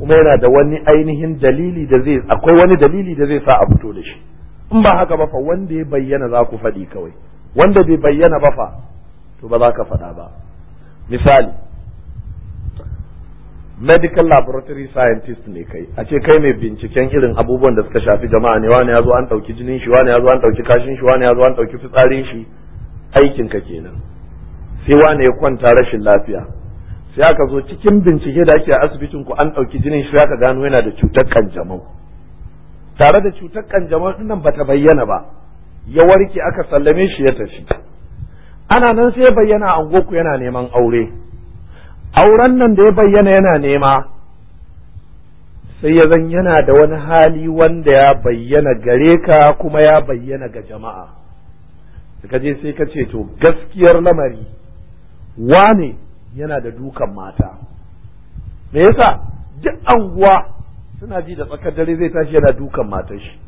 kuma yana da wani ainihin dalili da zai akwai wani dalili da zai sa a fito da shi in ba haka ba fa wanda ya bayyana za ku faɗi kawai wanda bai bayyana ba fa to ba za ka faɗa ba misali medical laboratory scientist ne kai a ce kai mai binciken irin abubuwan da suka shafi jama'a ne wani ya zo an ɗauki jinin shi wani ya an ɗauki kashin shi wani ya an ɗauki fitsarin shi aikinka kenan sai wani ya kwanta rashin lafiya sai aka zo cikin bincike da ake a asibitin ku an ɗauki jinin shi aka gano yana da cutar kanjamau tare da cutar kanjamau nan bata bayyana ba ya warke aka sallame shi ya tafi ana nan sai ya bayyana a ku yana neman aure auren nan da ya bayyana yana nema sai ya zan yana da wani hali wanda ya bayyana gare ka kuma ya bayyana ga jama'a ka je sai ka ce to gaskiyar lamari wane yana da dukan mata me yasa duk anguwa suna ji da tsakar dare zai tashi yana dukan matar shi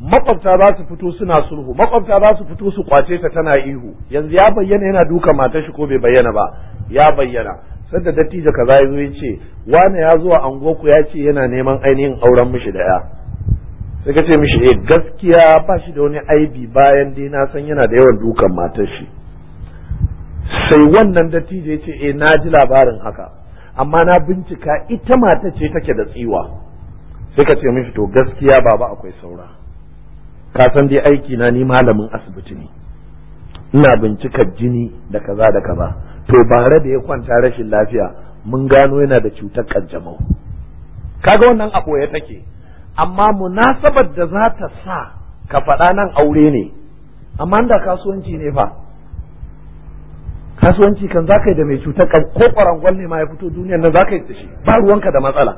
makwabta za su fito suna sulhu makwabta za su fito su kwace ta tana ihu yanzu ya bayyana yana dukan matar shi ko bai bayyana ba ya bayyana sadda dattijo kaza ya zo ya ce wane ya zo a ku ya ce yana neman ainihin auren mishi da ya sai ka ce mishi eh gaskiya ba shi da wani aibi bayan dai na san yana da yawan dukan matar shi sai wannan dattijo ya ce eh na ji labarin haka amma na bincika ita mata ce take da tsiwa sai ka ce mishi to gaskiya baba akwai saura ka san dai aiki na ni malamin asibiti ne ina bincika jini da kaza da kaza to bare da ya kwanta rashin lafiya mun gano yana da cutar kanjamau kaga wannan a ɓoye take amma munasabar da za ta sa ka faɗa nan aure ne amma da kasuwanci ne fa kasuwanci kan za ka yi da mai cuta kan ko ƙwarangon ne ma ya fito duniyar nan za ka yi da shi ba ruwanka da matsala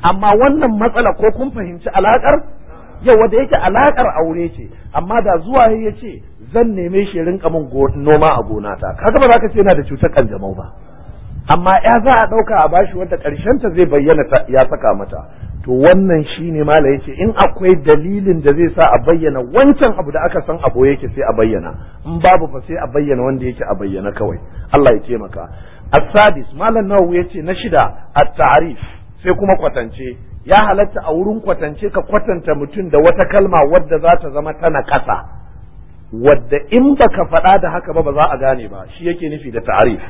amma wannan matsala ko kun fahimci alakar yau wanda yake alakar aure ce amma da zuwa ya ce zan neme shi rinka min noma a gona ta kaga ba za ka ce yana da cutar kanjamau ba amma ya za a ɗauka a bashi wanda ta zai bayyana ya saka mata to wannan shi ne mala yace in akwai dalilin da zai sa a bayyana wancan abu da aka san abu yake sai a bayyana in babu fa sai a bayyana wanda yake a bayyana kawai Allah ya taimaka as-sadis malam ya ce na shida a tarif sai kuma kwatance ya halatta a wurin kwatance ka kwatanta mutum da wata kalma wadda za ta zama tana kasa wadda in baka faɗa da haka ba ba za a gane ba shi yake nufi da ta'rif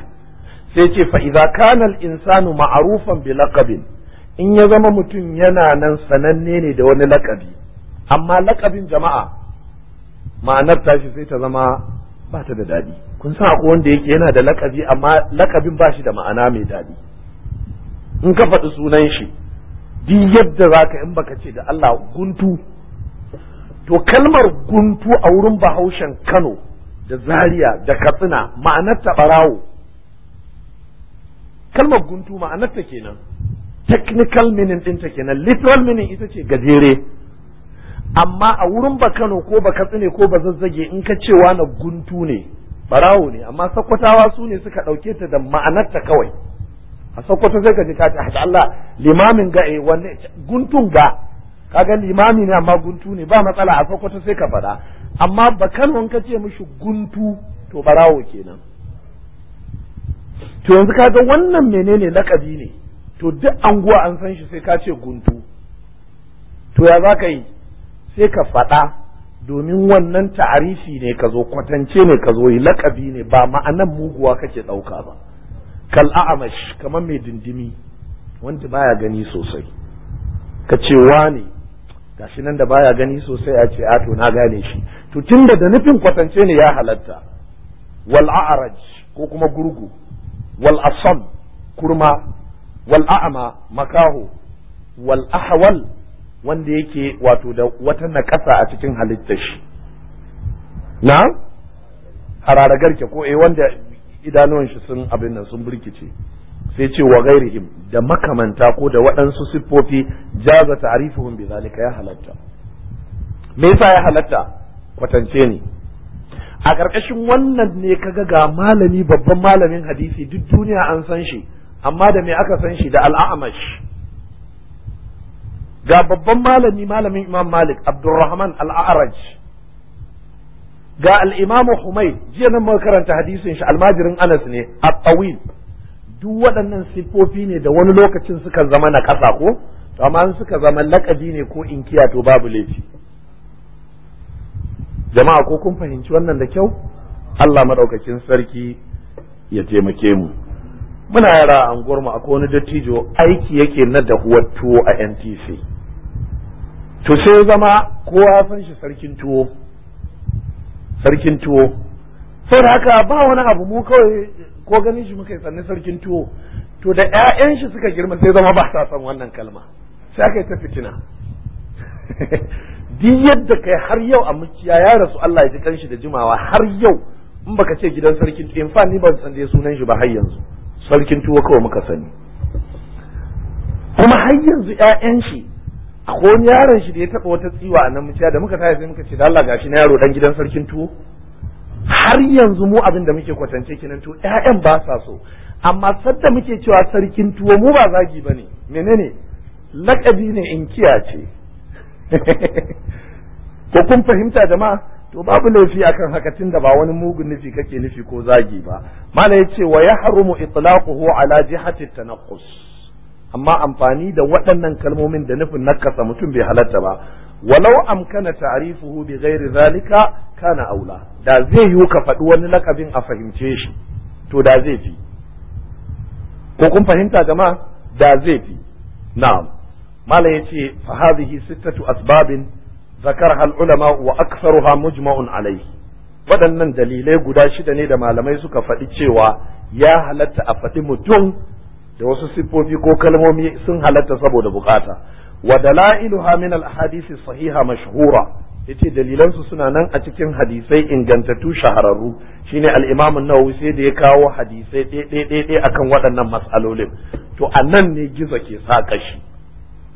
sai ce Fa'iza kanal kana al insanu ma'rufan bi laqabin in ya zama mutum yana nan sananne ne da wani laqabi amma laqabin jama'a ma'anar tashi sai ta zama ba ta da daɗi kun san akwai wanda yake yana da lakabi amma lakabin ba shi da ma'ana mai daɗi in ka faɗi sunan shi duk yadda za ka in baka ce da Allah guntu to kalmar guntu a wurin bahaushen Kano da Zaria da Katsina ma'anar ta ɓarawo kalmar guntu ma'anarta kenan technical meaning ɗinta kenan literal meaning ita ce gajere amma a wurin bakano ko bakatsine ko ba Zazzage in ka ce na guntu ne barawo ne amma sakkwatawa su ne suka ɗauke ta da ma'anarta kawai a sakkwato sai ka ji kaji hada Allah limamin ga eh wanne guntun ga kaga limami ne amma guntu ne ba matsala a sakkwato sai ka faɗa amma bakano in ka ce mishi guntu to barawo kenan to yanzu kaga wannan menene lakabi ne to duk anguwa an san shi sai ka ce guntu to ya za ka yi sai ka faɗa domin wannan ta'arifi ne ka zo kwatance ne ka zo yi lakabi ne ba ma'anan muguwa kake ɗauka ba kal a'amash kamar mai dindimi wanda baya gani sosai ka ce wani gashi nan da baya gani sosai a ce ato na gane shi to tunda da nufin kwatance ne ya halatta wal ko kuma gurgu wal asam kurma wal a'ma makaho wal ahwal wanda yake wato da wata nakasa a cikin halittar shi na hararagar ko eh wanda idanuwan shi sun abin nan sun birkice sai ce wa gairihim da makamanta ko da waɗansu siffofi jaza ta'rifuhum bi zalika ya halatta me yasa ya halatta kwatance ne a ƙarƙashin wannan ne kaga ga malami babban malamin hadisi duk duniya an san shi amma da me aka san shi da al'amash ga babban malami malamin imam malik abdurrahman al'araj ga al'imamu humay jiya nan makaranta karanta hadisin shi almajirin anas ne a tsawil duk waɗannan siffofi ne da wani lokacin sukan zama na ƙasa ko amma suka zama laƙabi ne ko inkiya to babu laifi jama'a ko kun fahimci wannan da kyau Allah madaukakin sarki ya taimake mu muna yara a unguwar mu akwai wani dattijo aiki yake na dahuwar tuwo a NTC to sai zama kowa san shi sarkin tuwo sarkin tuwo da haka ba wani abu mu kawai ko ganin shi muka yi sanni sarkin tuwo to da 'ya'yan shi suka girma sai zama ba sa son wannan kalma sai aka yi ta fitina duk yadda kai har yau a mukiya ya rasu Allah ya ji kanshi da jimawa har yau in baka ce gidan sarkin in fa ni ban san dai sunan shi ba har yanzu sarkin tuwa kawai muka sani kuma har yanzu ƴaƴan shi akwai wani yaron shi da ya taba wata tsiwa a nan mukiya da muka taya sai muka ce da Allah gashi na yaro dan gidan sarkin tuwo har yanzu mu abin da muke kwatance kinan tuwo ƴaƴan ba sa so amma sadda muke cewa sarkin tuwo mu ba zagi bane menene lakabi ne inkiya ce ko kun fahimta jama'a to babu laifi akan haka tunda ba wani mugun nufi kake nufi ko zagi ba mala yace wa yahrumu itlaquhu ala jihati tanaqqus amma amfani da waɗannan kalmomin da nufin nakasa mutum bai halarta ba walau amkana ta'rifuhu bi ghairi zalika kana aula da zai yiwu ka faɗi wani lakabin a fahimce shi to da zai fi ko kun fahimta jama'a da zai fi na'am mala yace fa hadhihi sittatu asbabin zakar al-ulama wa aktharuha mujma'un alayhi waɗannan dalilai guda shida ne da malamai suka faɗi cewa ya halatta a faɗi mutum da wasu siffofi ko kalmomi sun halatta saboda bukata wa dalailuha min al-ahadisi sahiha mashhura yace dalilan su suna nan a cikin hadisai ingantattu shahararru shine al-Imam an-Nawawi sai da ya kawo hadisai ɗaya akan waɗannan mas'alolin to nan ne gizo ke saka shi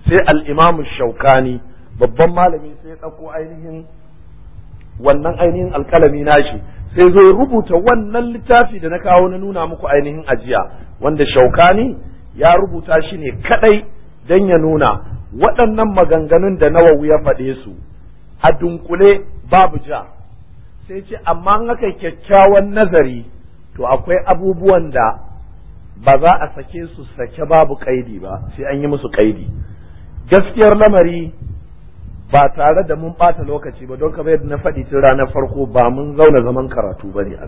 sai al-imam shaukani babban malami sai ya ɗauko ainihin wannan ainihin alkalami nashi sai zo rubuta wannan littafi da na kawo na nuna muku ainihin ajiya wanda shaukani ya rubuta shi ne kadai don ya nuna waɗannan maganganun da nawawi ya faɗe su a dunkule babu ja sai ce amma in aka kyakkyawan nazari to akwai abubuwan da ba za a sake su sake babu kaidi ba sai an yi musu kaidi gaskiyar lamari ba tare da mun ɓata lokaci ba don kamar yadda na faɗi tun ranar farko ba mun zauna zaman karatu ba ne a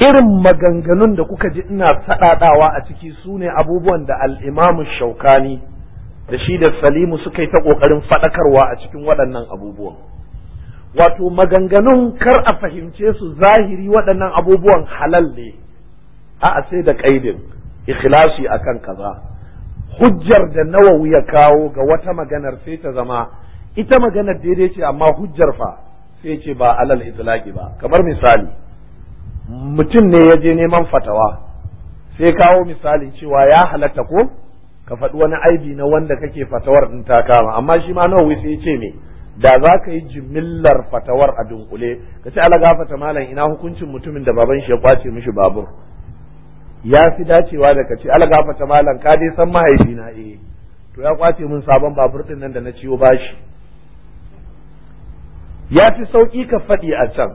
irin maganganun da kuka ji ina saɗaɗawa a ciki su ne abubuwan da al'imamu shaukani da shi da salimu suka yi ta ƙoƙarin faɗakarwa a cikin waɗannan abubuwan wato maganganun kar a fahimce su zahiri waɗannan abubuwan halal ne a'a sai da ƙaidin ikhlasi akan kaza hujjar da nawawi ya kawo ga wata maganar sai ta zama ita maganar daidai ce amma hujjar fa sai ce ba alal itlaqi ba kamar misali mutum ne ya je neman fatawa sai kawo misalin cewa ya halatta ko ka faɗi wani aibi na wanda kake fatawar din ta kama amma shi ma nawawi sai ce me da za ka yi jimillar fatawar a dunkule ka ce ala gafata malam ina hukuncin mutumin da baban shi ya kwace mishi babur ya fi dacewa da kace algafa ta malam ka dai san mahaifina eh to ya kwace mun sabon babur din nan da na ciwo bashi ya fi sauki ka faɗi a can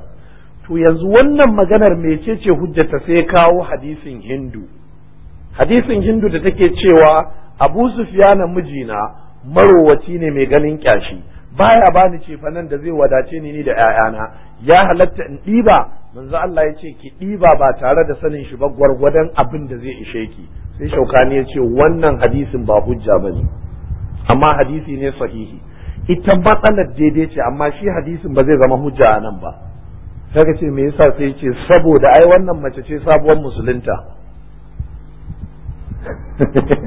to yanzu wannan maganar mecece hujjata sai kawo hadisin hindu hadisin hindu da take cewa abu sufiyana mijina marowaci ne mai ganin kyashi baya bani cefanen da zai wadace ni ni da 'ya'yana ya halatta in ɗiba manzo Allah ya ce ki ɗiba ba tare da sanin shi ba gwargwadon abin da zai ishe ki sai shaukani ya ce wannan hadisin ba hujja ba ne amma hadisi ne sahihi ita matsalar daidai ce amma shi hadisin ba zai zama hujja a nan ba sai ka ce me yasa sai ce saboda ai wannan mace ce sabuwar musulunta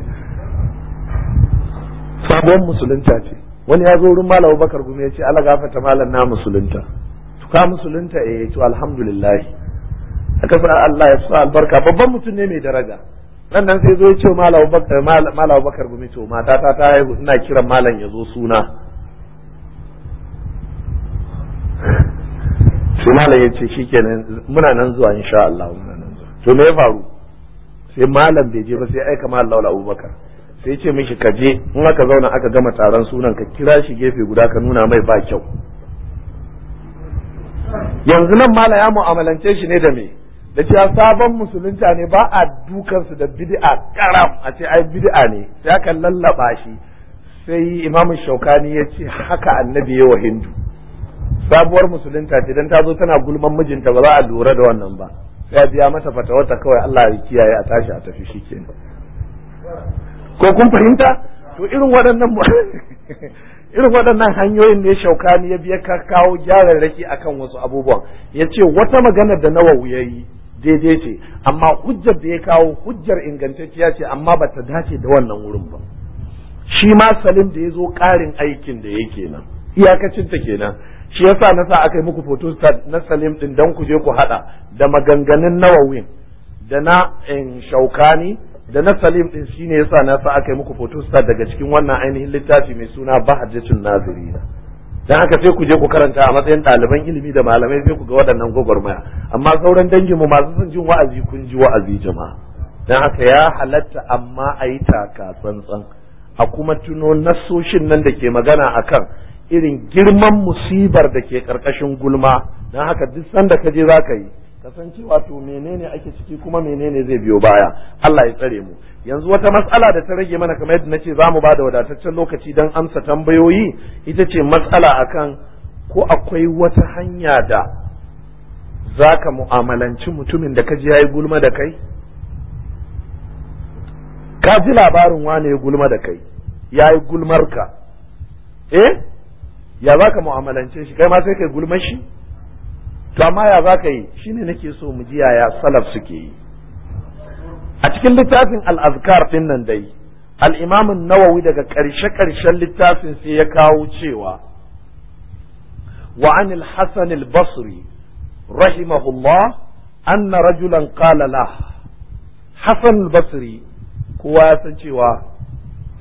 sabuwar musulunta ce wani ya zo wurin malam bakar gumi ya ce ala gafata malam na musulunta ka musulunta eh to alhamdulillah aka sa Allah ya sa albarka babban mutum ne mai daraja nan nan sai zo ya ce malam bakar gumi to mata ta ta yi ina kiran malam ya zo suna sai malam ya ce shikenan muna nan zuwa insha Allah muna nan zuwa to me ya faru sai malam bai je ba sai aika malam laula abubakar sai ce mishi ka je in aka zauna aka gama taron sunan ka kira shi gefe guda ka nuna mai ba kyau yanzu nan mala ya mu'amalance shi ne da me da cewa sabon musulunta ne ba a dukansu da bid'a karam a ce ai bid'a ne sai aka lallaba shi sai imamu shaukani ya ce haka annabi yawa hindu sabuwar musulunta ce dan ta zo tana gulman mijinta ba za a lura da wannan ba sai biya mata fatawarta kawai Allah ya kiyaye a tashi a tafi shikenan ko kun fahimta to irin waɗannan irin waɗannan hanyoyin ne shaukani ya biya ka kawo gyararraki akan wasu abubuwan ya ce wata magana da nawa ya yi daidai ce amma hujjar da ya kawo hujjar ingantacciya ce amma ba ta dace da wannan wurin ba shi ma salim da ya zo ƙarin aikin da ya kenan Iyakacinta ta kenan shi yasa na sa aka yi muku foto na salim ɗin dan ku je ku haɗa da maganganun nawawin da na eh, shaukani da na salim din shine yasa na sa aka yi muku photostat daga cikin wannan ainihin littafi mai suna bahajjatun nazirina dan haka sai ku je ku karanta a matsayin ɗaliban ilimi da malamai sai ku ga waɗannan gwagwarmaya amma sauran dangin mu masu son jin wa'azi kun ji wa'azi jama'a dan haka ya halatta amma a yi taka tsantsan a kuma tuno nasoshin nan da ke magana akan irin girman musibar da ke ƙarƙashin gulma dan haka duk sanda ka je za ka yi san cewa to menene ake ciki kuma menene zai biyo baya Allah ya tsare mu yanzu wata matsala da ta rage mana kamar yadda nace zamu bada wadataccen lokaci dan amsa tambayoyi ita ce matsala akan ko akwai wata hanya da zaka mu'amalanci mutumin da kaji yayi gulma da kai ka ji labarin wane ya gulma da kai yayi gulmar ka eh ya zaka mu'amalance shi kai ma sai kai gulmar shi to amma ya za ka yi shine nake so mu ji yaya salaf suke yi a cikin littafin al-azkar din nan dai al nawawi daga ƙarshe-ƙarshen littafin sai ya kawo cewa wa Hassanil basri rahimahullah anna rajulan qala lah hasan basri kowa ya san cewa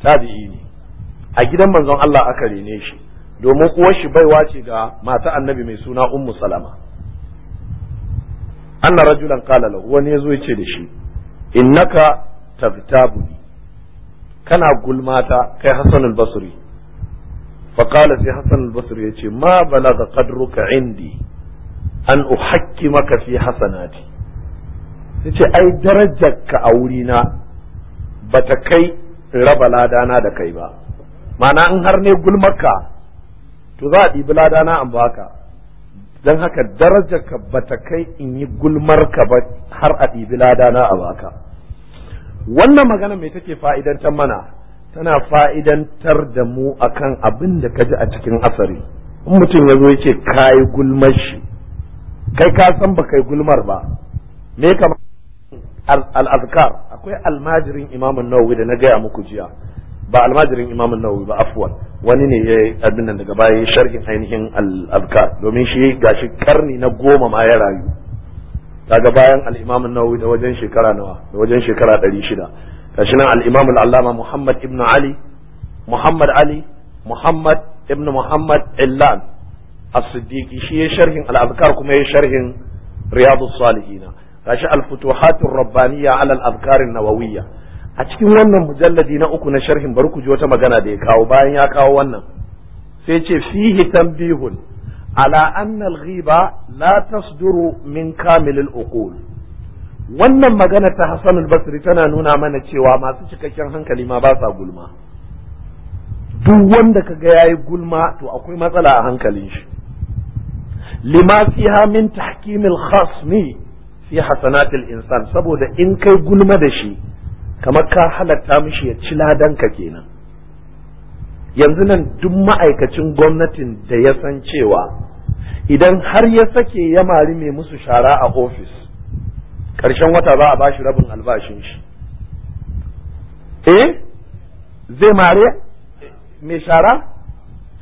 tabi'i ne a gidan manzon Allah aka rene shi domin uwar shi baiwa ce ga mata annabi mai suna ummu salama anna rajulan qala lahu wani yazo yace da shi innaka tabtabuni kana gulmata kai hasan al-basri fa qala sai hasan al-basri yace ma balaga qadruka indi an uhakkimaka fi hasanati yace ai darajarka a wurina bata kai raba ladana da kai ba ma'ana in har ne gulmarka to za a ɗibi ladana an baka don haka darajarka bata kai in yi gulmar ka ba har a ɗibi ladana a baka wannan magana mai take fa'idantar mana tana fa'idantar da mu akan abin da ka ji a cikin asari in mutum ya zo yake kayi gulmar shi kai ka san ba kai gulmar ba me kama al-azkar akwai almajirin imamun nawawi da na gaya muku jiya ba almajirin imam nawawi ba afwan wani ne ya abin nan daga baya sharhin ainihin al domin shi gashi karni na goma ma ya rayu daga bayan al-imam nawawi da wajen shekara nawa da wajen shekara 600 gashi nan al-imam al-allama muhammad ibn ali muhammad ali muhammad ibn muhammad illan as-siddiqi shi ya sharhin al kuma ya sharhin riyadus salihin gashi al-futuhatur rabbaniyya ala al-azkar an-nawawiyya a cikin wannan mujalladi na uku na sharhin bari ku ji wata magana da ya kawo bayan ya kawo wannan sai ce fihi tanbihun ala anna al-ghiba la tasduru min kamil al-uqul wannan magana ta Hassan al-Basri tana nuna mana cewa masu cikakken hankali ma ba sa gulma duk wanda kaga yayi gulma to akwai matsala a hankalin shi lima fiha min tahkimil khasmi fi al insan saboda in kai gulma da shi kamar ka halatta mishi ya ci ladanka kenan yanzu nan duk ma'aikacin gwamnatin da ya san cewa idan har ya sake ya mari mai musu shara a ofis ƙarshen wata za a shi rabin albashin shi eh zai mare mai shara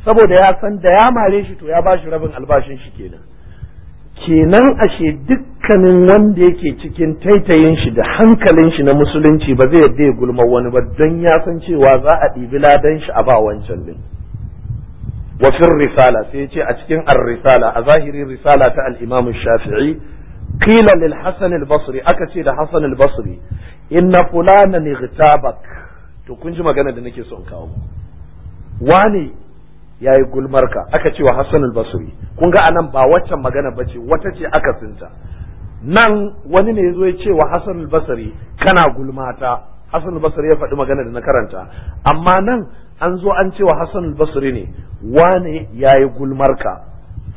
saboda ya san da ya mare shi to ya ba shi rabin albashin shi kenan kenan ashe dukkanin wanda yake cikin taitayin shi da hankalin shi na musulunci ba zai yadda ya gulma wani ba don ya san cewa za a ɗibi ladan shi a ba wancan din wa risala sai ya ce a cikin ar-risala a zahirin risala ta al-imam shafi'i qila lil hasan al-basri aka ce da hasan al-basri inna fulanan ightabak to kun ji magana da nake son kawo wani ya yi gulmarka aka cewa hassan al-basri kun ga anan ba waccan magana ba ce wata ce aka sinta nan wani ne zo ya ce wa hassan al-basri kana gulmata hassan al-basri ya faɗi magana da na karanta amma nan an zo an cewa hassan al-basri ne wane ya yi gulmarka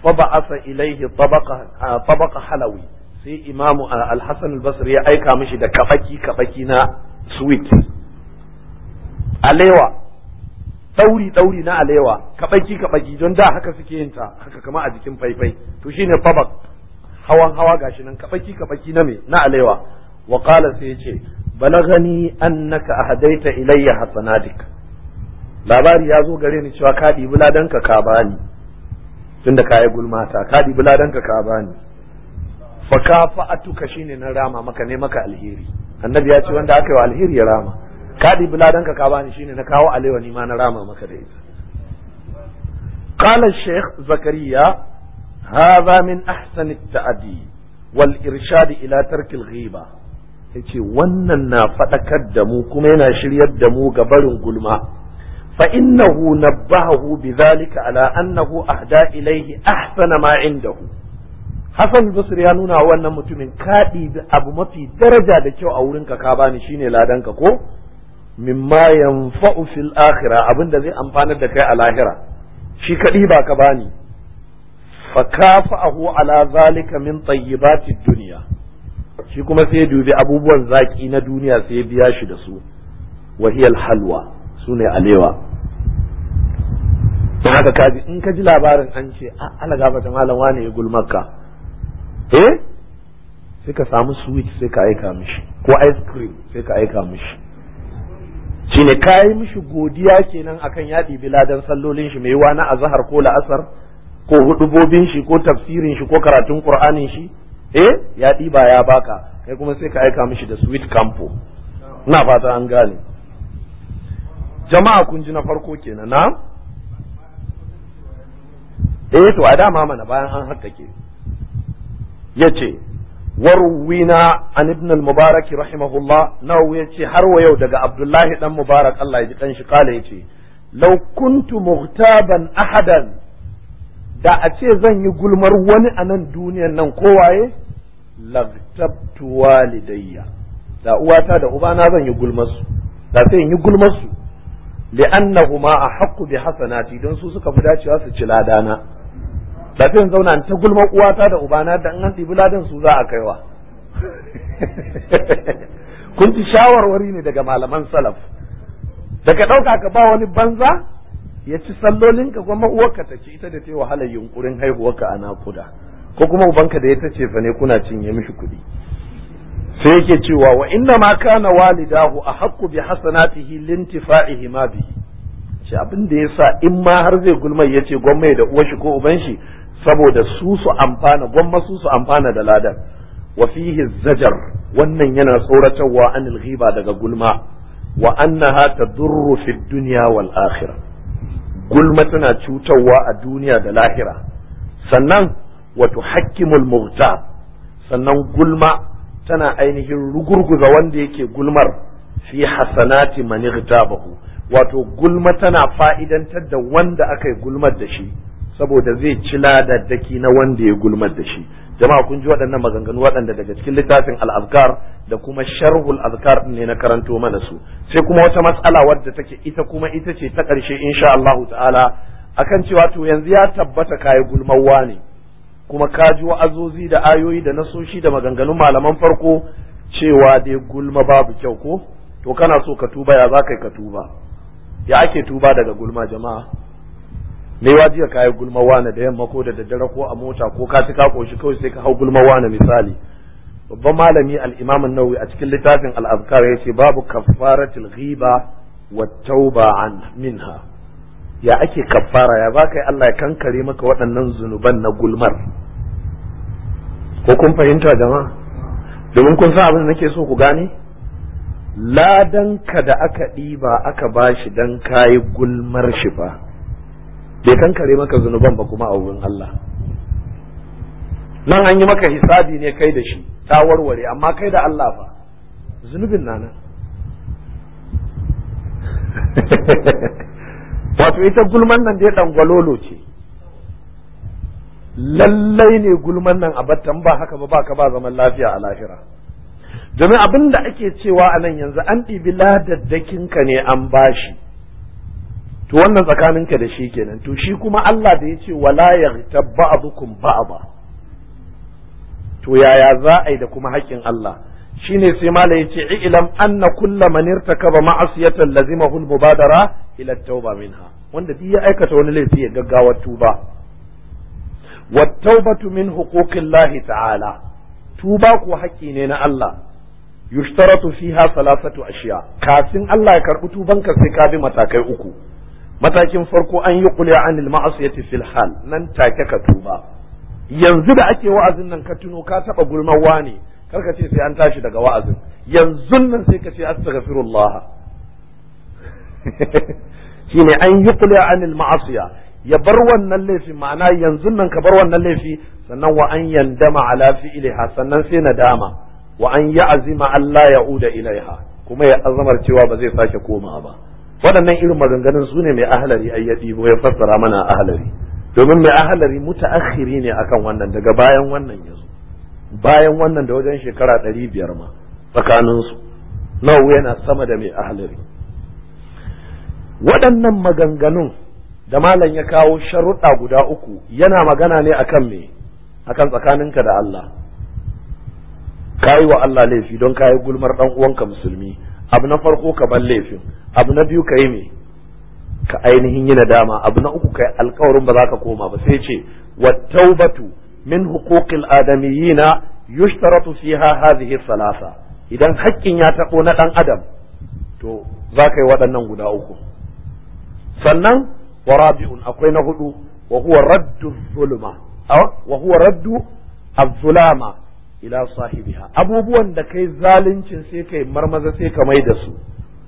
fa ba'asa ilaihi tabaqa halawi sai imamu al-hassan al-basri ya aika mishi da kafaki kafaki na sweet alewa ɗauri ɗauri na alewa kaɓaki kaɓaki don da haka suke yin ta haka kama a jikin faifai to shine fabak hawan hawa gashi nan kaɓaki kaɓaki na me na alewa wa qala sai yace balagani annaka ahdaita ilayya hasanatik labari ya zo gare ni cewa ka ɗibi ladanka ka bani tunda ka yi gulmata ka ɗibi ladanka ka bani fa ka shine na rama maka ne maka alheri annabi ya ce wanda aka yi alheri ya rama ka ɗibi ladanka ka bani shine na kawo alewa ni ma na rama maka da ita qala sheikh zakariya hadha min ahsani ta'adi wal irshad ila tarki al ghiba yace wannan na fadakar da mu kuma yana shiryar da mu ga barin gulma fa innahu nabbahu bidhalika ala annahu ahda ilayhi ahsana ma indahu Hassan Basri ya nuna wannan mutumin kaɗi abu mafi daraja da kyau a wurinka ka bani shine ladanka ko mimma yanfa'u fil akhirah abinda zai amfanar da kai a lahira shi kaɗi ba ka bani fa kafa'ahu ala zalika min tayyibati dunya shi kuma sai dubi abubuwan zaki na duniya sai biya shi da su wahiyal halwa sune alewa dan haka kaji in ka ji labarin an ce ah, ala ta malam wane ya gulmakka eh sai ka samu sweet sai ka aika mishi ko ice cream sai ka aika mishi ka kayi mishi godiya kenan akan yaɗi bila ladan sallolin shi mai yiwa na azahar ko la'asar ko hudubobin shi ko tafsirin shi ko karatun qur'anin shi eh ya ba ya baka kai kuma sai ka aika mishi da sweet campo ina fata an gane jama'a kun ji na farko kenan na eh to a dama mana bayan an ke. ya ce waruwina an ibn al-mubarak rahimahullah nawawi yace har wa yau daga abdullahi dan mubarak Allah ya ji kan shi kala yace law kuntu mughtaban ahadan da a ce zan yi gulmar wani a nan duniyan nan kowaye lagtabtu walidayya da uwata da ubana zan yi gulmar su da sai in yi gulmar su li'annahuma ahqqu bi hasanati don su suka fi dacewa su ci lada na. da in zauna in ta gulma uwata da ubana da an ɗibi ladan su za a kaiwa kun ci shawarwari ne daga malaman salaf daga ɗauka ka ba wani banza ya ci sallolin ka kuma uwarka ta ci ita da ta wahalar yunkurin haihuwarka a nakuda ko kuma ubanka da ya ta ce fa ne kuna cinye mishi kuɗi sai yake cewa wa inna ma kana walidahu a haqqu bi hasanatihi lintifa'ihi ma bi? shi abin da ya sa in ma har zai gulma ya ce gwamnati da uwashi ko uban shi saboda su su amfana gwamma su su amfana da ladan wa fihi zajar wannan yana tsoratarwa an riba daga gulma wa annaha tadurru fid dunya wal akhirah gulma tana cutarwa a duniya da lahira sannan wa tuhakkimul mughtab sannan gulma tana ainihin rugurguza wanda yake gulmar fi hasanati man wato gulma tana fa'idantar da wanda aka yi gulmar da shi saboda zai ci ladaddaki na wanda ya gulmar da shi jama'a kun ji waɗannan maganganu waɗanda daga cikin littafin al'azkar da kuma sharhul azkar ne na karanto mana su sai kuma wata matsala wadda take ita kuma ita ce ta ƙarshe insha Allahu ta'ala akan cewa to yanzu ya tabbata kayi gulmawa ne kuma ka ji wa'azozi da ayoyi da nasoshi da maganganun malaman farko cewa dai gulma babu kyau ko to kana so ka tuba ya za ka ka tuba ya ake tuba daga gulma jama'a me wajiya ka yi gulma wane da yamma ko da daddare ko a mota ko ka ci ka koshi kawai sai ka hau gulma wane misali babban malami al-imam an-nawawi a cikin littafin al-azkar ce babu kaffaratul ghiba wa tauba an minha ya ake kaffara ya baka Allah ya kankare maka waɗannan zunuban na gulmar ko kun fahimta jama'a domin kun san abin da nake so ku gane ka da aka ɗiba aka bashi dan kayi gulmar shi ba. bai kankare maka zunuban ba kuma a wurin Allah nan an yi maka hisabi ne kai da shi ta warware amma kai da Allah ba zunubin na nan wato ita gulman nan dai gwalolo ce lallai ne gulman nan a battan ba haka ba ba ka ba zaman lafiya a lahira domin abin da ake cewa a nan yanzu an ɗibi ka ne an bashi to wannan tsakaninka da shi kenan to shi kuma Allah da ya ce wala yaghtab ba'dukum ba'da to yaya za a yi da kuma haƙƙin Allah shine sai mala yace ilam anna kulla man irtakaba ma'asiyatan lazimahu al-mubadara ila tauba minha wanda duk ya aikata wani laifi ya gaggawa tuba wat-taubatu min huquqillahi ta'ala tuba ko haƙƙi ne na Allah yushtaratu fiha salasatu ashiya kafin Allah ya karɓi ka sai ka bi matakai uku matakin farko an yi kulya anil ma'asiyati fil hal nan take ka tuba yanzu da ake wa'azin nan ka tuno ka taba gulma wani karka ce sai an tashi daga wa'azin yanzu nan sai ka ce astaghfirullah shine an yi kulya anil ma'asiya ya bar wannan laifi ma'ana yanzu nan ka bar wannan laifi sannan wa an yandama ala fi'liha sannan sai nadama wa an azima Allah ya'uda ilaiha kuma ya azamar cewa ba zai sake komawa ba waɗannan irin maganganun su ne mai ahalari a ya ya fassara mana ahalari domin mai ahalari muta'akhiri ne akan wannan daga bayan wannan yanzu bayan wannan da wajen shekara ɗari biyar ma tsakanin su nawu yana sama da mai ahalari waɗannan maganganun da malam ya kawo sharuɗa guda uku yana magana ne akan me akan tsakaninka da Allah Ka yi wa Allah laifi don ka yi gulmar ɗan uwanka musulmi abu na farko ka bar laifin abu na biyu ka yi me ka ainihin yi nadama abu na uku ka yi alkawarin ba za ka koma ba sai ce wa taubatu min huquqil adamiyina yushtaratu fiha hadhihi salasa idan haƙƙin ya taɓo na ɗan adam to za ka yi waɗannan guda uku sannan wa rabi'un akwai na hudu wa huwa raddu zulma wa huwa raddu az-zulama ila sahibiha abubuwan da kai zaluncin sai kai marmaza sai ka mai da su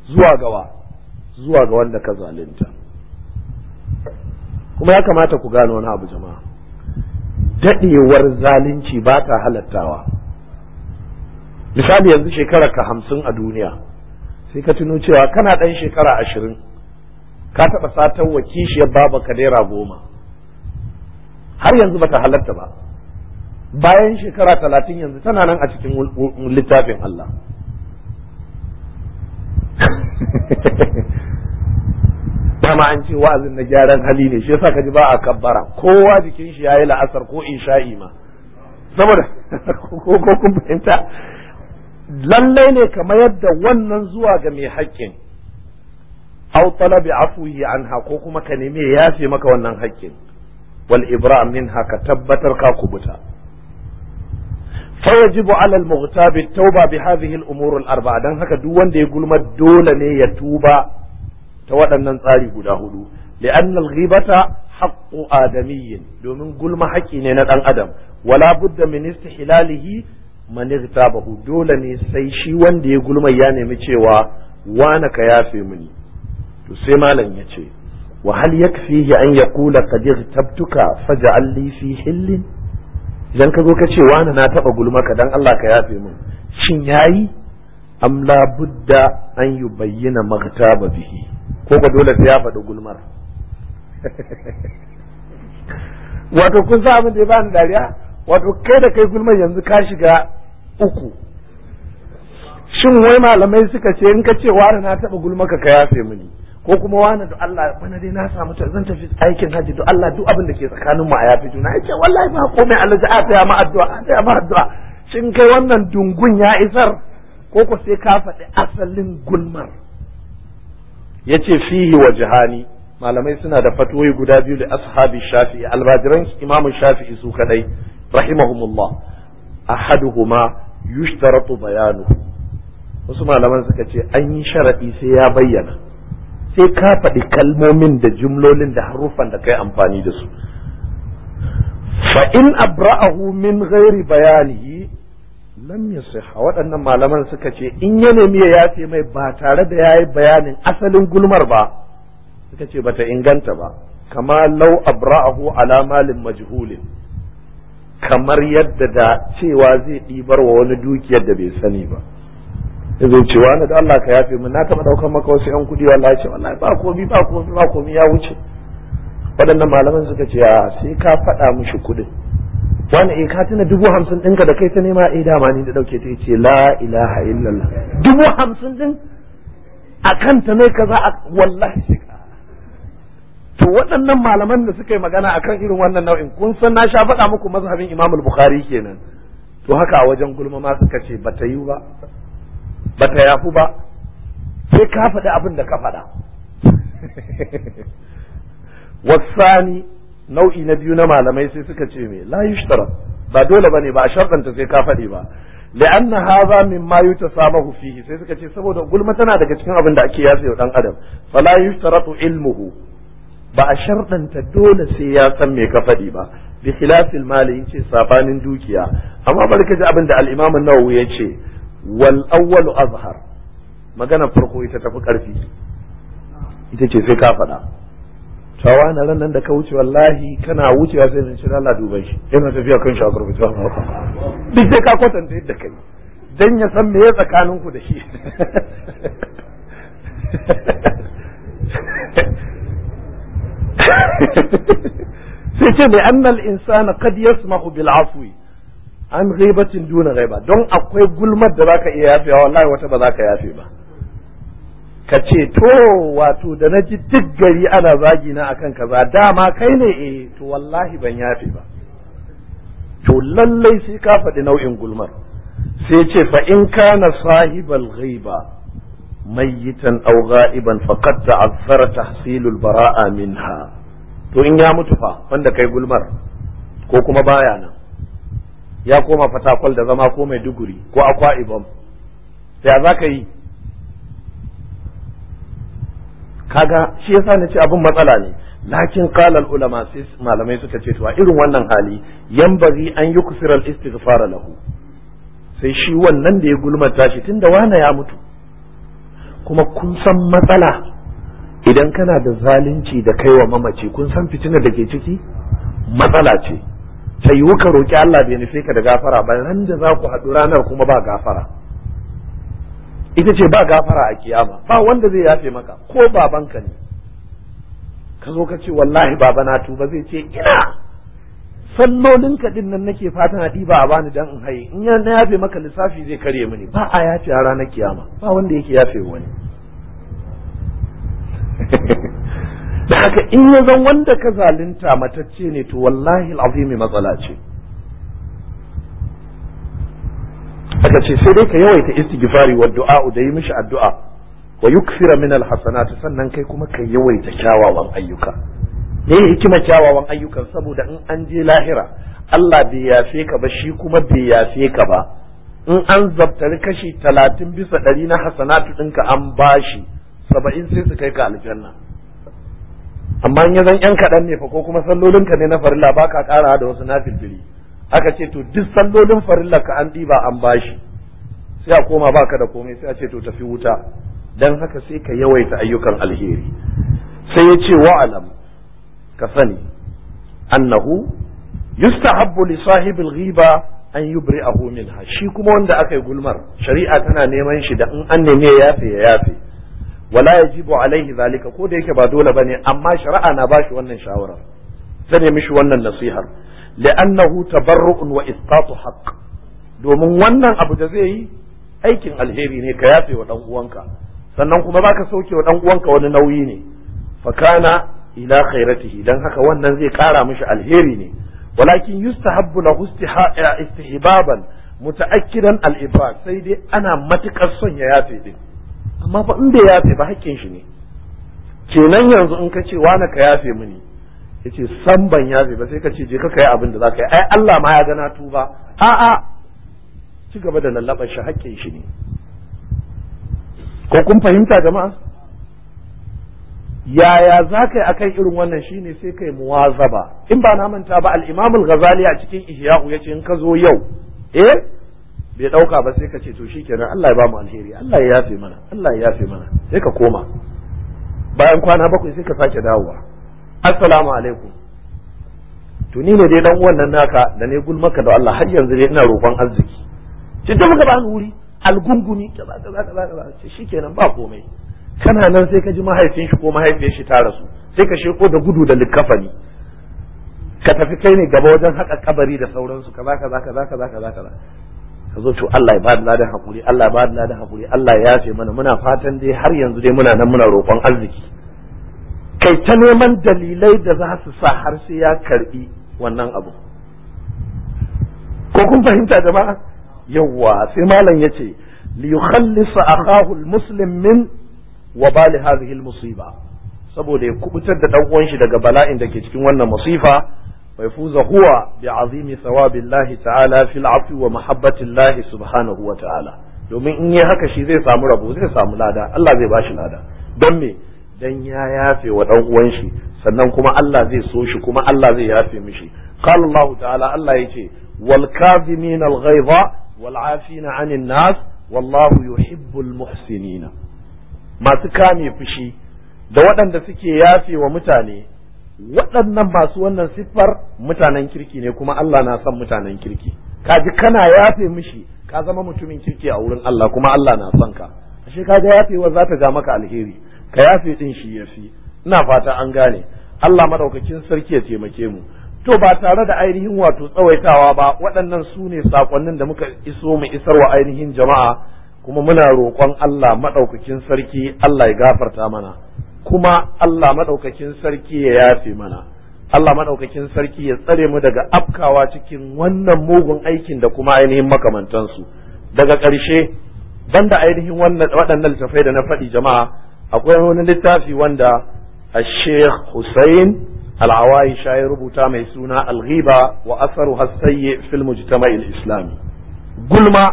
zuwa gawa zuwa ga wanda ka zalunta kuma ya kamata ku gano wani abu jama'a dadewar zalunci ba ta halattawa misali yanzu shekara ka hamsin a duniya sai ka tuno cewa kana ɗan shekara ashirin ka taɓa satar wa kishiyar baba ka naira goma har yanzu ba ta halatta ba bayan shekara talatin yanzu tana nan a cikin littafin Allah dama an ce wa'azin na gyaran hali ne shi yasa ka ji ba a kabbara kowa jikin shi ya yi la'asar ko in sha'i ma saboda ko kun fahimta lallai ne kamar yadda wannan zuwa ga mai haƙƙin au talabi afuhi anha ko kuma ka nemi ya yafe maka wannan haƙƙin wal ibra ka tabbatar ka kubuta فيجب على المغتاب التوبة بهذه الأمور الأربعة دان هكا دوان دي يقول ما الدولة يتوبة تودا ننصاري قد هدو لأن الغيبة حق آدمي دومن قل ما حكي نينات أدم ولا بد من استحلاله من اغتابه دولة سيشي وان دي يقول ما يعني مچيوا وانا كيافي مني تسيما لن يچي وهل يكفيه أن يقول قد اغتبتك فجعل لي في حل؟ idan ka zo ka ce wani na taba gulma ka dan Allah ka yafe mun shin yayi am la budda an yubayyana maghtaba bihi ko ka dole sai ya faɗi gulmar wato kun sa abin da ya bani dariya wato kai da kai gulmar yanzu ka shiga uku shin wai malamai suka ce in ka ce wani na taba gulma ka ka yafe muni ko kuma wani da Allah bana dai na samu ta zan tafi aikin haji da Allah duk abin da ke tsakanin mu a yafi juna yace wallahi ba komai Allah a ta ma addu'a a ta ma addu'a shin kai wannan dungun ya isar ko ko sai ka faɗi asalin gulmar yace fihi wajhani malamai suna da fatwoyi guda biyu da ashabi shafi'i albajiran imamu shafi'i su kadai rahimahumullah ahaduhuma yushtaratu bayanu. wasu malaman suka ce an yi sharadi sai ya bayyana sai ka faɗi kalmomin da jumlolin da haruffan da kai amfani da su fa in abra'ahu min ghairi bayanihi lam yasih waɗannan malaman suka ce in ya nemi ya yafe mai ba tare da yayi bayanin asalin gulmar ba suka ce bata inganta ba kama lau abra'ahu ala malin majhulin kamar yadda da cewa zai ɗibar wa wani dukiyar da bai sani ba ya zo ce wani da Allah ka yafe min na taɓa ɗaukar maka wasu yan kuɗi wallahi ce wallahi ba komi ba komi ba komi ya wuce waɗannan malaman suka ce a sai ka faɗa mushi kuɗin wani eh ka tuna dubu hamsin ɗinka da kai ta nema eh dama ni da ɗauke ta ce la ilaha illallah dubu hamsin ɗin a kanta ne kaza a wallahi shi to waɗannan malaman da suka yi magana akan irin wannan nau'in kun san na sha faɗa muku mazhabin Imam Bukhari kenan to haka a wajen gulma ma suka ce bata yi ba ba ta yafu ba sai ka faɗi abin da ka faɗa wasani nau'i na biyu na malamai sai suka ce me la yushtara ba dole ba ne ba a sharɗanta sai ka faɗi ba li'anna hadha mimma yutasamahu fihi sai suka ce saboda gulma tana daga cikin abin da ake yasa wa dan adam fala yushtaratu ilmuhu ba a sharɗanta dole sai ya san me ka faɗi ba bi khilafil mali yace sabanin dukiya amma bari ka ji abin da al-imam an-nawawi wal awwalu azhar magana farko ita tafi karfi ita ce sai ka faɗa tawa na ran nan da ka wuce wallahi kana wucewa sai zan shirya Allah duban shi Ina tafiya kan shi a gurbi ta haka duk sai ka kwatanta yadda kai dan ya san me ya tsakanin ku da shi sai ce mai annal insana qad yasmahu bil afwi an ghibatin duna ghaiba don akwai gulmar da zaka iya yafe wallahi wata ba zaka yafe ba ka ce to wato da ji duk gari ana zagi na akan kaza dama kai ne eh to wallahi ban yafe ba to lallai sai ka faɗi nau'in gulmar sai ce fa in kana sahibal ghaiba mayyitan aw ghaiban faqad ta'azzara tahsilul bara'a minha to in ya mutu fa wanda kai gulmar ko kuma baya nan ya koma fatakwal da zama ko maiduguri ko akwa ibom ya za ka yi kaga shi yasa na ce abin matsala ne lakin kalal ulama sai malamai suka ce to a irin wannan hali yan bari an yi kusiral fara lahu sai shi wannan da ya tashi shi da wana ya mutu kuma kun san matsala idan kana da zalunci da kai wa mamaci kun san fitina da ke ciki matsala ce ta yiwu ka roƙi Allah bai nufe ka da gafara ba ran da za ku haɗu ranar kuma ba gafara ita ce ba gafara a kiyama ba wanda zai yafe maka ko babanka ne ka zo ka ce wallahi baba na tuba zai ce ina sannonin ka din nan nake fata na ɗiba a bani dan in haye in ya na yafe maka lissafi zai karye mini ba a yafe a ranar kiyama ba wanda yake yafe wani haka in ya zan wanda ka zalunta matacce ne to wallahi al'azimi matsala ce aka ce sai dai ka yawaita istighfari wa du'a da yi mishi addu'a wa yukfira min alhasanat sannan kai kuma ka yawaita kyawawan ayyuka me hikima kyawawan ayyukan saboda in an je lahira Allah bai yafe ka ba shi kuma bai yafe ka ba in an zabtari kashi talatin bisa ɗari na hasanatu ɗinka an bashi saba'in sai su kai ka aljanna amma in ya zan yan kaɗan ne fa ko kuma sallolin ka ne na farilla ba ka ƙara da wasu nafilfili aka ce to duk sallolin farilla ka an ɗiba an bashi sai a koma ba ka da komai sai a ce to tafi wuta dan haka sai ka yawaita ayyukan alheri sai ya ce wa'alam ka sani annahu yustahabbu li sahibil ghiba an yi minha shi kuma wanda aka yi gulmar shari'a tana neman shi da in an neme ya yafe ya yafe wala yajibu alaihi zalika ko da yake ba dole bane amma shari'a na bashi wannan shawara ya mishi wannan nasihar li'annahu tabarru'un wa isqatu domin wannan abu da zai yi aikin alheri ne ka yafe wa dan uwanka sannan kuma baka sauke wa dan uwanka wani nauyi ne fa kana ila khairatihi dan haka wannan zai kara mishi alheri ne walakin yustahabbu lahu istihbaban muta'akkidan al-ifaq sai dai ana matukar son ya yafe din amma fa in bai yafe ba hakkin shi ne kenan yanzu in ka ce wani ka yafe mini yace ce san ban yafe ba sai ka ce je ka kai abin da za ka yi ai Allah ma ya gana tuba a'a ci gaba da lallaɓar shi hakkin shi ne ko kun fahimta jama'a yaya za ka yi akan irin wannan shi ne sai kai muwazaba in ba na manta ba al-imam al-ghazali a cikin ihya'u yace in ka zo yau eh bai dauka ba sai ka ce to shikenan Allah ya ba mu alheri Allah ya yafe mana Allah ya yafe mana sai ka koma bayan kwana bakwai sai ka sake dawowa assalamu alaikum to ni ne dai dan wannan naka da ne gulmaka da Allah har yanzu dai ina roƙon arziki ce ta muka bani wuri ba kaza ba kaza ba ce shikenan ba komai kana nan sai ka ji mahaifin shi ko mahaifiyar shi ta rasu sai ka sheko da gudu da likafani ka tafi kai ne gaba wajen haƙa kabari da sauransu ka ka ka kaza ka kaza ka kaza ka zo to Allah ya bada ladan hakuri Allah ya bada ladan hakuri Allah ya yafe mana muna fatan dai har yanzu dai muna nan muna roƙon arziki kai ta neman dalilai da za su sa har sai ya karbi wannan abu ko kun fahimta jama'a yawwa sai malam yace li yukhallisa akahu almuslim min wa bali hadhihi almusiba saboda ya kubutar da dan uwan shi daga bala'in da ke cikin wannan musifa ويفوز هو بعظيم ثواب الله تعالى في العفو ومحبة الله سبحانه وتعالى domin in yi haka shi zai samu rabo zai samu lada Allah zai bashi lada don me dan ya yafe wa dan uwan shi sannan kuma Allah zai so shi kuma Allah zai yafe mishi qala Allah ta'ala Allah yace wal kadhimina al ghaiza wal afina 'anil nas wallahu yuhibbul muhsinina masu kame fushi da waɗanda suke yafe wa mutane waɗannan masu wannan siffar mutanen kirki ne kuma Allah na son mutanen kirki ka ji kana yafe mishi ka zama mutumin kirki a wurin Allah kuma Allah na son ka ashe ka ga yafewa za ta ga maka alheri ka yafe din shi ya fi ina fata an gane Allah madaukakin sarki ya taimake mu to ba tare da ainihin wato tsawaitawa ba waɗannan su ne sakonnin da muka iso mu isar wa ainihin jama'a kuma muna roƙon Allah madaukakin sarki Allah ya gafarta mana kuma Allah maɗaukakin sarki ya yafe mana Allah maɗaukakin sarki ya tsare mu daga afkawa cikin wannan mugun aikin da kuma ainihin makamantansu daga ƙarshe banda ainihin wannan waɗannan littafai da na faɗi jama'a akwai wani littafi wanda Sheikh Hussein Al-Hawaii ya rubuta mai suna Al-Ghiba wa asaru hasayye fil mujtama'il Islami gulma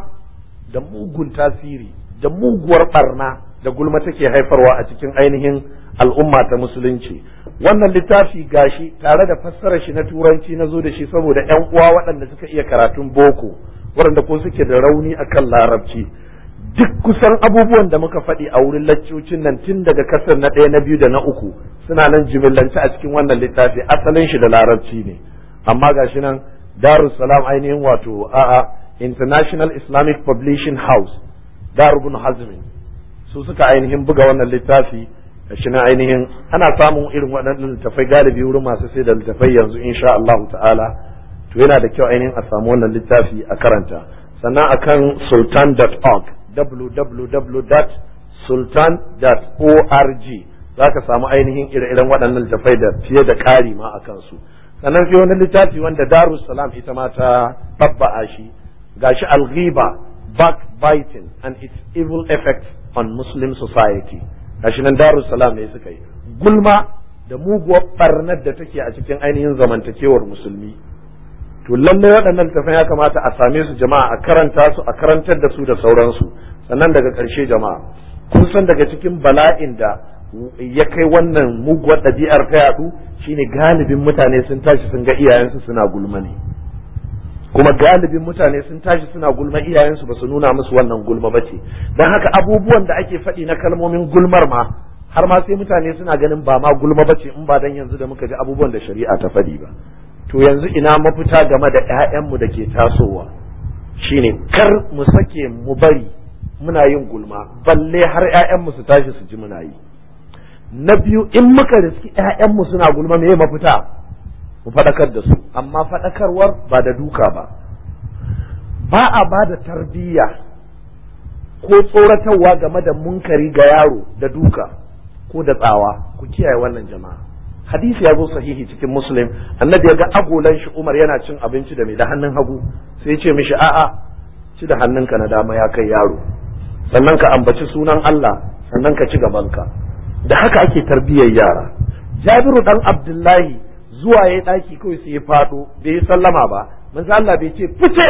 da mugun tasiri da muguwar barna da gulma take haifarwa a cikin ainihin al'umma ta musulunci wannan littafi gashi tare da fassarar shi na turanci na zo da shi saboda yan uwa waɗanda suka iya karatun boko waɗanda ko suke da rauni akan larabci duk kusan abubuwan da muka faɗi a wurin laccocin nan tun daga kasar na ɗaya na biyu da na uku suna nan jimillance a cikin wannan littafi asalin shi da larabci ne amma gashi nan darussalam ainihin wato a'a international islamic publishing house darubun hazmin su suka ainihin buga wannan littafi shi na ainihin ana samun irin waɗannan littafai galibi wurin masu sai da littafai yanzu insha Allah ta'ala to yana da kyau ainihin a samu wannan littafi a karanta sannan akan sultan.org www.sultan.org za ka samu ainihin ire-iren waɗannan littafai da fiye da ƙari ma a kansu sannan sai wani littafi wanda darussalam ita ma ta babba'a shi gashi al-ghiba backbiting and its evil effects on muslim society gashi nan salam ne suka yi gulma da muguwar barnar da take a cikin ainihin zamantakewar musulmi to lallai waɗannan littafan ya kamata a same su jama'a a karanta su a karantar da su da sauransu sannan daga ƙarshe jama'a kun san daga cikin bala'in da ya kai wannan muguwar ɗabi'ar ta yaɗu shine galibin mutane sun tashi sun ga iyayensu suna gulma ne kuma galibin mutane sun tashi suna gulma iyayensu ba su nuna musu wannan gulma ba ce don haka abubuwan da ake faɗi na kalmomin gulmar ma har ma sai mutane suna ganin ba ma gulma ba ce in ba dan yanzu da muka ji abubuwan da shari'a ta faɗi ba to yanzu ina mafita game da 'ya'yanmu da ke tasowa shine kar mu sake mu bari muna yin gulma balle har 'ya'yanmu su tashi su ji muna yi na biyu in muka riski 'ya'yanmu suna gulma me mafita Ku faɗakar da su amma faɗakarwar ba da duka ba ba a ba da tarbiyya ko tsoratarwa game da munkari ga yaro da duka ko da tsawa ku kiyaye wannan jama'a hadisi ya zo sahihi cikin muslim annabi ya ga agolan shi umar yana cin abinci da mai da hannun hagu sai ya ce mishi a'a ci da hannunka na dama ya kai yaro sannan ka ambaci sunan Allah sannan ka ci gabanka da haka ake tarbiyyar yara jabiru dan abdullahi zuwa ya ɗaki kawai sai ya faɗo bai yi sallama ba manzo Allah bai ce fice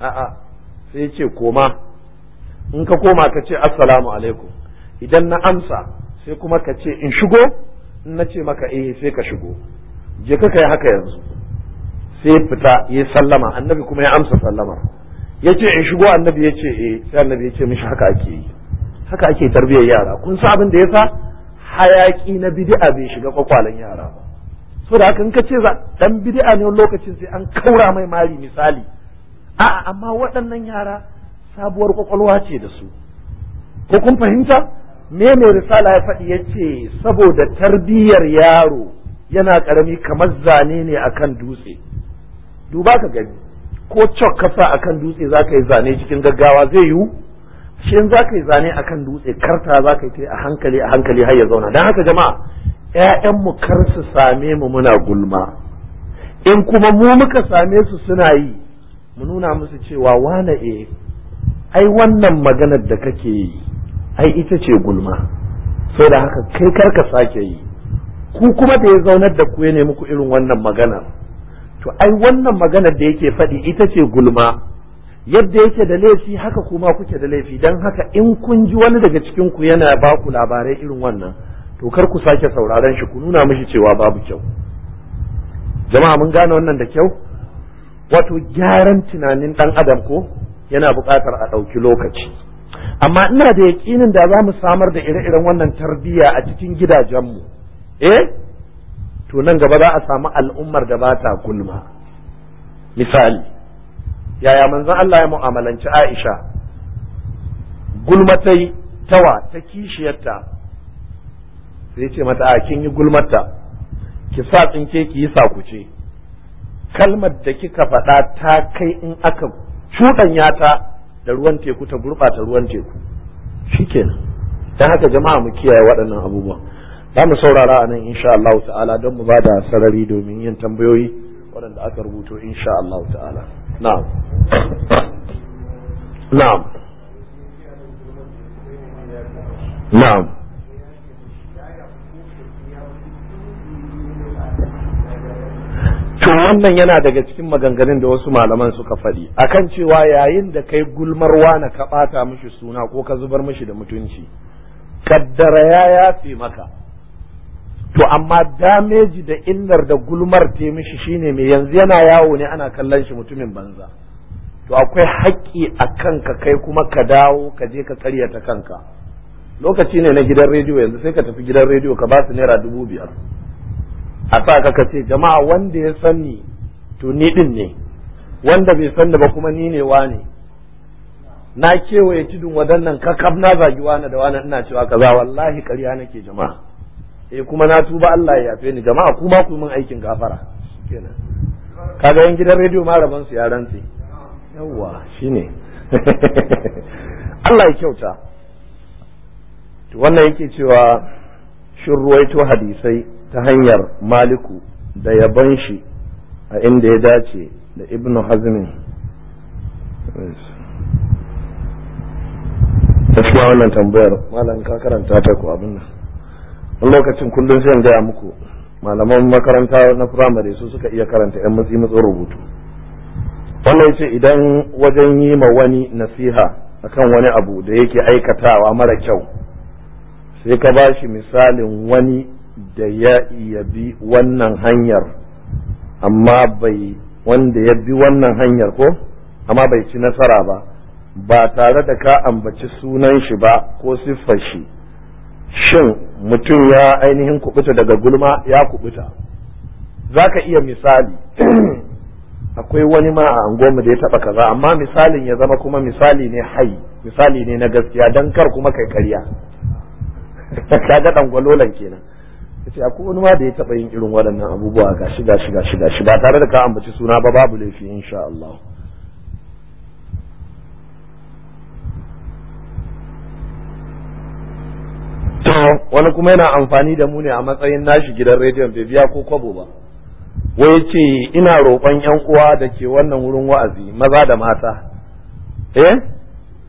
a'a sai ya ce koma in ka koma ka ce assalamu alaikum idan na amsa sai kuma ka ce in shigo in na ce maka eh sai ka shigo je ka kai haka yanzu sai fita ya sallama annabi kuma ya amsa sallama ya ce in shigo annabi ya ce eh sai annabi ya ce mishi haka ake yi haka ake tarbiyyar yara kun san abin da ya sa hayaki na bid'a bai shiga kwakwalen yara ba to da haka in ka ce za dan bid'a ne lokacin sai an kaura mai mari misali a'a amma waɗannan yara sabuwar kwakwalwa ce da su ko kun fahimta me mai risala ya faɗi yace saboda tarbiyyar yaro yana karami kamar zane ne akan dutse duba ka gani ko cok ka sa akan dutse zaka yi zane cikin gaggawa zai yiwu shi zaka za yi zane akan dutse karta za yi a hankali a hankali har ya zauna dan haka jama'a ‘ya'yanmu kar su same mu muna gulma in kuma mu muka same su suna yi mu nuna musu cewa wane e ai wannan maganar da kake yi ai ita ce gulma sai da haka kai ka sake yi ku kuma da ya zaunar da ku ya ne muku irin wannan maganar to ai wannan maganar da yake faɗi ita ce gulma yadda yake da laifi haka kuma kuke da laifi don haka in kun ji wani daga cikin ku yana ba ku labarai irin wannan to kar ku sake sauraron shi ku nuna mishi cewa babu kyau jama'a mun gane wannan da kyau wato gyaran tunanin dan adam ko yana buƙatar a ɗauki lokaci amma ina da yaƙinin da za mu samar da ire-iren wannan tarbiyya a cikin gidajenmu eh to nan gaba za a samu al'ummar da ba ta gulma misali yaya manzon Allah ya mu'amalanci Aisha gulmatai tawa ta kishiyarta sai ce mata a kin yi gulmarta ki sa tsinke ki yi sakuce kalmar da kika faɗa ta kai in aka cuɗanya ta da ruwan teku ta gurɓata ruwan teku shikenan dan haka jama'a mu kiyaye waɗannan abubuwan za mu saurara a nan insha Allah ta'ala don mu bada sarari domin yin tambayoyi waɗanda aka rubuto insha Allah ta'ala na'am na'am na'am to wannan yana daga cikin maganganun da wasu malaman suka faɗi akan cewa yayin da kai gulmarwa na ka ɓata mishi suna ko ka zubar mishi da mutunci kaddara ya yafe maka to amma dameji da illar da gulmar ta mishi shine mai yanzu yana yawo ne ana kallon shi mutumin banza to akwai haƙƙi a kanka kai kuma ka dawo ka je ka karyata kanka lokaci ne na gidan rediyo yanzu sai ka tafi gidan rediyo ka ba su naira dubu biyar a sa ka ce jama'a wanda ya sani to ni din ne wanda bai sani ba kuma ni ne wani na kewaye tudun waɗannan kakab na zagi wani da wani ina cewa kaza wallahi ƙarya nake jama'a eh kuma na tuba Allah ya yafe ni jama'a kuma ku min aikin gafara kenan kaga yan gidan rediyo ma raban su ya rantse yawwa shine Allah ya kyauta to wannan yake cewa shirruwaito hadisai ta hanyar maliku da yabon shi a inda ya dace da ibn hazmin gaskiya wannan tambayar malam ka karanta ta ku abin nan lokacin kullum sai gaya muku malaman makaranta na firamare su suka iya karanta yan matsi matsin rubutu wannan ce idan wajen yi ma wani nasiha akan wani abu da yake aikatawa mara kyau sai ka ba shi misalin wani da ya iya bi wannan hanyar amma bai wanda ya bi wannan hanyar ko amma bai ci nasara ba ba tare da ka ambaci sunan shi ba ko siffar shi shin mutum ya ainihin kubuta daga gulma ya kubuta za ka iya misali akwai wani ma a anguwanmu da ya taba kaza amma misalin ya zama kuma misali ne hai misali ne na gaskiya don kar kuma kai karya ka ga dangwalolan kenan ce akwai wani ma da ya taɓa yin irin waɗannan abubuwa ga shi ga shi ga shi ga shi ba tare da ka ambaci suna ba babu laifi insha Allah to wani kuma yana amfani da mu ne a matsayin nashi gidan rediyon bai biya ko kwabo ba wai ce ina roƙon yan uwa da ke wannan wurin wa'azi maza da mata eh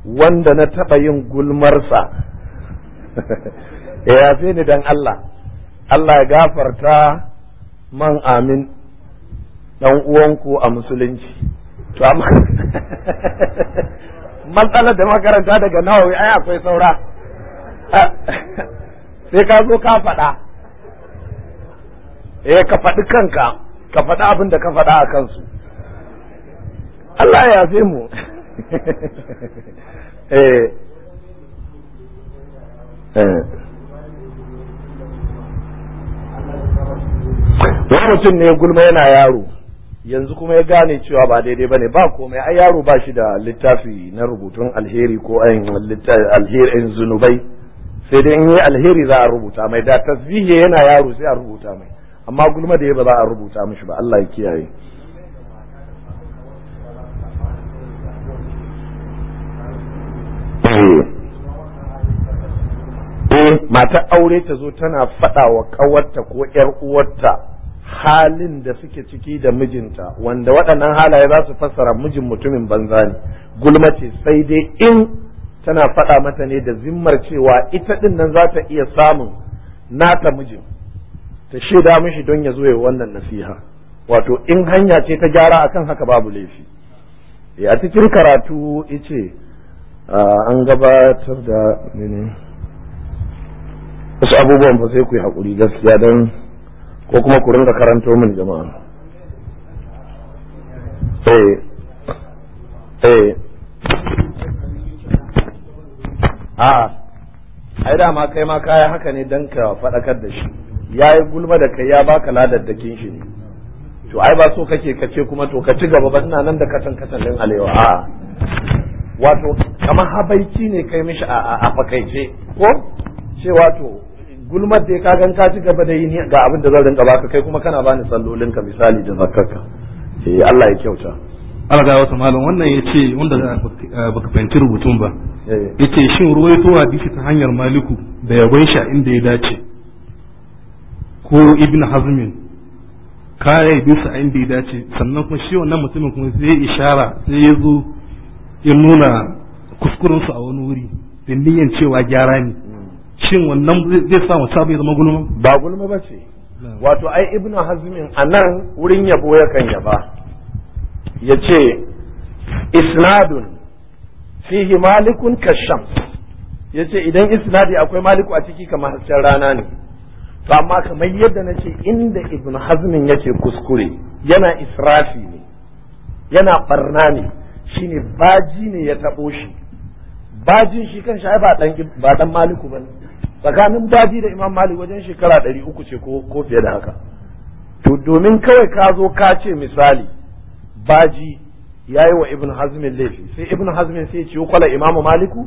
wanda na taɓa yin gulmarsa eh, ya yafe ni dan Allah Allah ya gafarta man amin ɗan uwanku a musulunci to amma matsalar da makaranta daga nawawi ai akwai saura sai ka zo ka faɗa eh ka faɗi kanka ka faɗi abin da ka faɗa a kansu Allah ya yafe mu eh eh wani mutum ne gulma yana yaro yanzu kuma ya gane cewa ba daidai bane ba komai ai yaro ba shi da littafi na rubutun alheri ko ayin alherin zunubai sai dai in yi alheri za a rubuta mai da tasbihi yana yaro sai a rubuta mai amma gulma da ya ba za a rubuta mishi ba Allah ya kiyaye eh matar aure ta zo tana faɗa wa ƙawarta ko yar uwarta halin da suke ciki da mijinta wanda waɗannan halaye za su fassara mijin mutumin banza ne gulma ce sai dai in tana faɗa mata ne da zimmar cewa ita ɗin nan za ta iya samun nata mijin ta shaida mishi don ya zo ya wannan nasiha wato in hanya ce ta gyara akan haka babu laifi eh, a cikin karatu ice ah, an gabatar da wasu abubuwan ba sai ku yi haƙuri gaskiya don ko kuma ku ringa karanto min jama'a eh eh a ai dama kai ma kaya haka ne don ka faɗakar da shi ya yi gulma da kai ya baka ladaddakin shi ne to ai ba so kake kace kuma to ka ci gaba ba ina nan da katan katan din alewa a wato kamar habaici ne kai mishi a fakaice ko ce wato gulmar da ka gan ka ci gaba da yi ni ga abin da zan rinka baka kai kuma kana bani sallolinka misali da zakarka eh Allah ya kyauta Allah ga wata malam wannan yace wanda baka fahimci rubutun ba eh. yace shin ruwaito hadisi ta hanyar maliku da ya yabon sha inda ya dace ko ibn hazmin kare bisa inda ya dace sannan kuma shi wannan mutumin kuma sai ishara sai ya zo ya nuna kuskurensu a wani wuri da niyyar cewa gyara ne shin wannan zai sa wata bai zama gulma ba gulma ba ce wato ai ibnu hazmin a nan wurin yabo yakan yaba ya ce isnadun fihi malikun kasham ya ce idan isnadi akwai maliku a ciki kamar hasken rana ne to amma kamar yadda na ce inda ibnu hazmin yake kuskure yana israfi ne yana barna ne shine baji ne ya taɓo shi baji shi kan shi ba dan ba dan tsakanin baji da imam malik wajen shekara ɗari uku ce ko ko fiye da haka to domin kawai ka zo ka ce misali baji ya yi wa ibn hazmin laifi sai ibn hazmin sai ce kwala imamu maliku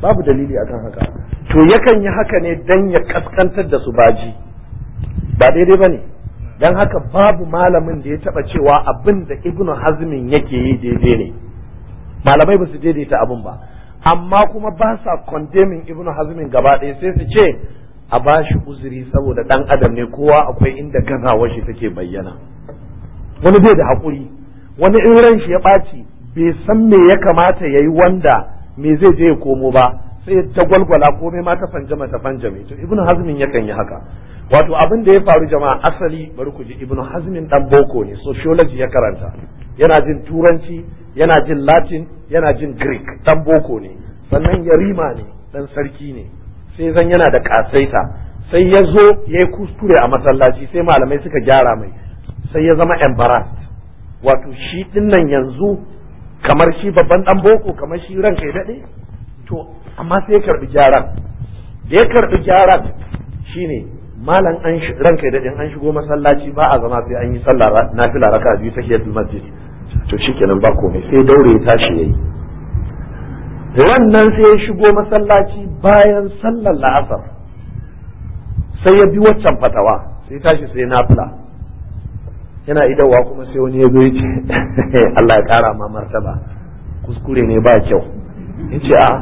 babu dalili akan haka to yakan yi haka ne dan ya kaskantar da su baji ba daidai ba ne don haka babu malamin da ya taba cewa abin da ibn hazmin yake yi daidai ne malamai ba su daidaita abin ba amma kuma ba sa condemning ibnu hazmin gaba ɗaya sai su ce a ba shi uzuri saboda ɗan adam ne kowa akwai inda gazawar shi take bayyana wani bai da haƙuri wani in ran shi ya ɓaci bai san me ya kamata ya yi wanda me zai je ya komo ba sai ta gwalgwala komai ma ta fanjama ta fanjame to ibnu hazmin yakan yi haka wato abin da ya faru jama'a asali bari ku ji ibnu hazmin dan boko ne sociology ya karanta yana jin turanci yana jin latin yana jin greek dan boko ne sannan yarima ne dan sarki ne sai zan yana da kasaita sai ya zo ya yi kuskure a masallaci sai malamai suka gyara mai sai ya zama embarrassed wato shi nan yanzu kamar shi babban dan boko kamar shi ranka ya dade to amma sai ya karbi gyaran da ya karbi gyaran shine malam an ranka dade an shigo masallaci ba a zama sai an yi sallah nafila raka'a biyu ta yadda masjid to shikenan ba komai sai daure ya tashi yayi wannan sai ya shigo masallaci bayan sallar la'asar sai ya bi waccan fatawa sai tashi sai nafila yana idawa kuma sai wani ya zo ya Allah ya kara ma martaba kuskure ne ba kyau ya ce a